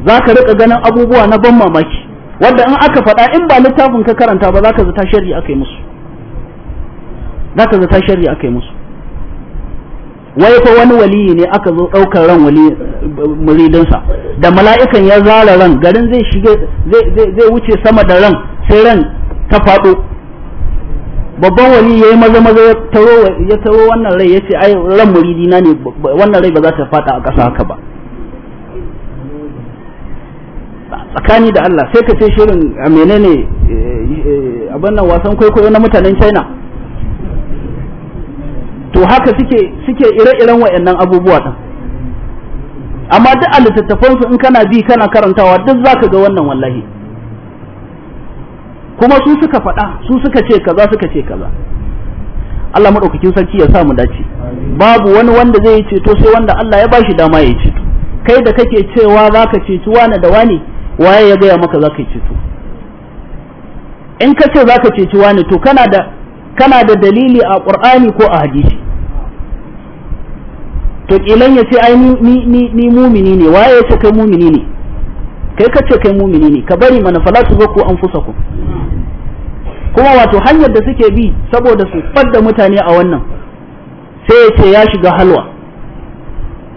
za ka rika ganin abubuwa na ban mamaki wanda in aka faɗa in ba littafin ka karanta ba za ka zata shari'a aka yi musu za ka zata shari'a aka yi musu wai fa wani waliyi ne aka zo ɗaukar ran wali muridinsa da mala'ikan ya zara ran garin zai shige zai wuce sama da ran sai ran ta faɗo babban wani yi maza maza ya taro ya taro wannan rai ya ce ai ran muridi na ne wannan rai ba za ta fata a ƙasa haka ba tsakani da Allah sai ka ce shirin a menene eh, abin nan wasan kwaikwayo na mutanen China to haka suke suke ire-iren wayannan abubuwa ta, amma duk a littattafansu in kana bi kana karantawa duk za ka ga wannan wallahi kuma su suka faɗa su suka ce kaza suka ce kaza Allah madaukakin sarki ya sa mu dace babu wani wanda zai yi ceto sai wanda Allah ya bashi dama ya yi ceto kai da kake cewa zaka ceci wani da wani waye ya gaya maka zaka yi ceto in ka ce zaka ceci wani to kana da kana da dalili a Qur'ani ko a hadisi to kilan ya ce ai ni ni ni mumini ne waye ya ce kai mumini ne kai ka ce kai mumini ne ka bari mana fala su zaku anfusakum kuma wato hanyar da suke bi saboda su fadda mutane a wannan sai ya ce ya shiga halwa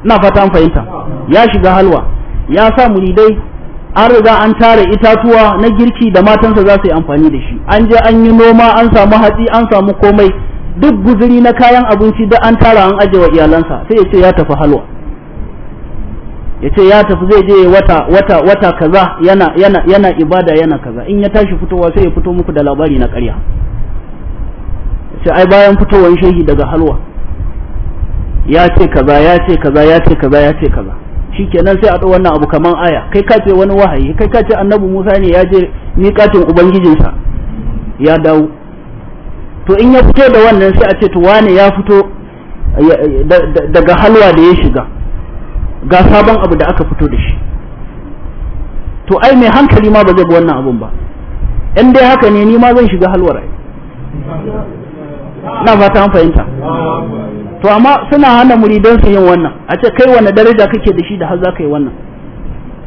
na fata an fahimta ya shiga halwa ya sa dai an riga an tara itatuwa na girki da matansa za su yi amfani da shi an je an yi noma an samu hatsi an samu komai duk guzuri na kayan abinci da an tara an aje iyalansa sai ya ce ya tafi halwa ya ce ya tafi zai je wata wata wata kaza yana yana yana ibada yana kaza in ya tashi fitowa sai ya fito muku da labari na ƙarya ce ai bayan fitowar shehi daga halwa ya ce kaza ya ce kaza ya ce kaza ya ce kaza shikenan sai a ɗau wannan abu kaman aya kai ka ce wani wahayi kai ka ce annabi Musa ne ya je miƙatin ubangijinsa ya dawo to in ya fito da wannan sai a ce to wane ya fito daga halwa da ya shiga ga sabon abu da aka fito da shi to ai mai hankali ma ba zai ga wannan abun ba in dai haka ne ni ma zan shiga halwar ai na fata an fahimta to amma suna hana muridan su yin wannan a ce kai wani daraja kake da shi da har za ka yi wannan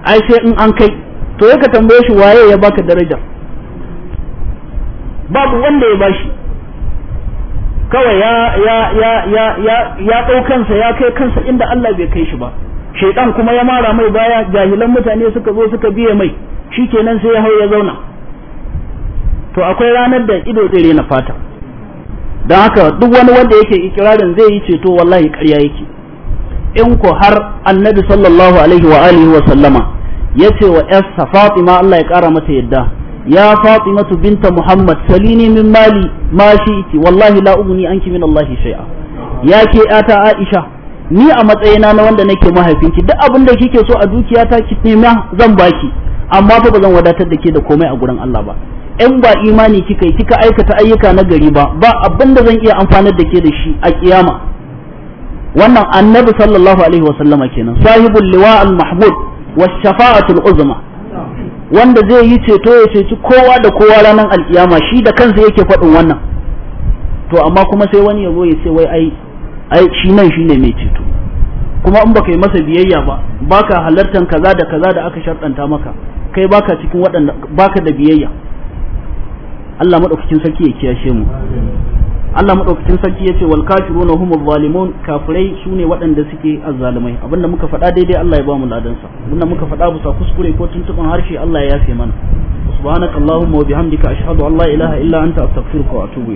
ai sai in an kai to ya ka tambaye shi waye ya baka daraja babu wanda ya bashi kawai ya ya ya ya ya ya ya kai kansa inda Allah bai kai shi ba shaitan kuma ya mara mai baya jahilan mutane suka zo suka biye mai shi kenan sai ya hau ya zauna to akwai ranar da ido tsere na fata don haka duk wani wanda yake ikirarin zai yi ceto wallahi ƙarya yake in ko har annabi sallallahu alaihi wa alihi wa sallama ya ce wa yarsa fatima Allah ya kara mata yadda ya fatimatu binta muhammad salini min mali ma shi wallahi la ugni anki min allahi shay'a ya ke ata aisha ni a matsayina na wanda nake mahaifinki duk abin da kike so a dukiyata ki nema zan baki amma fa ba zan wadatar da ke da komai a gurin Allah ba in ba imani kika yi kika aikata ayyuka na gari ba ba abin da zan iya amfanar da ke da shi a kiyama wannan annabi sallallahu alaihi wa sallama kenan sahibul liwa al mahmud was shafa'atul uzma wanda zai yi ceto ya ceci kowa da kowa ranar alkiyama shi da kansa yake faɗin wannan to amma kuma sai wani ya zo ya ce wai ai ai shi nan shine mai ceto kuma in baka yi masa biyayya ba baka halartan kaza da kaza da aka sharɗanta maka kai baka cikin waɗanda baka da biyayya Allah madaukakin sarki ya kiyashe mu Allah madaukakin sarki yace wal kafiruna hum zalimun kafirai sune waɗanda suke azzalimai abinda muka faɗa daidai Allah ya ba mu ladan sa abinda muka faɗa bisa kuskure ko tuntuban harshe Allah ya yafe mana subhanakallahumma wa bihamdika ashhadu an la ilaha illa anta astaghfiruka wa atubu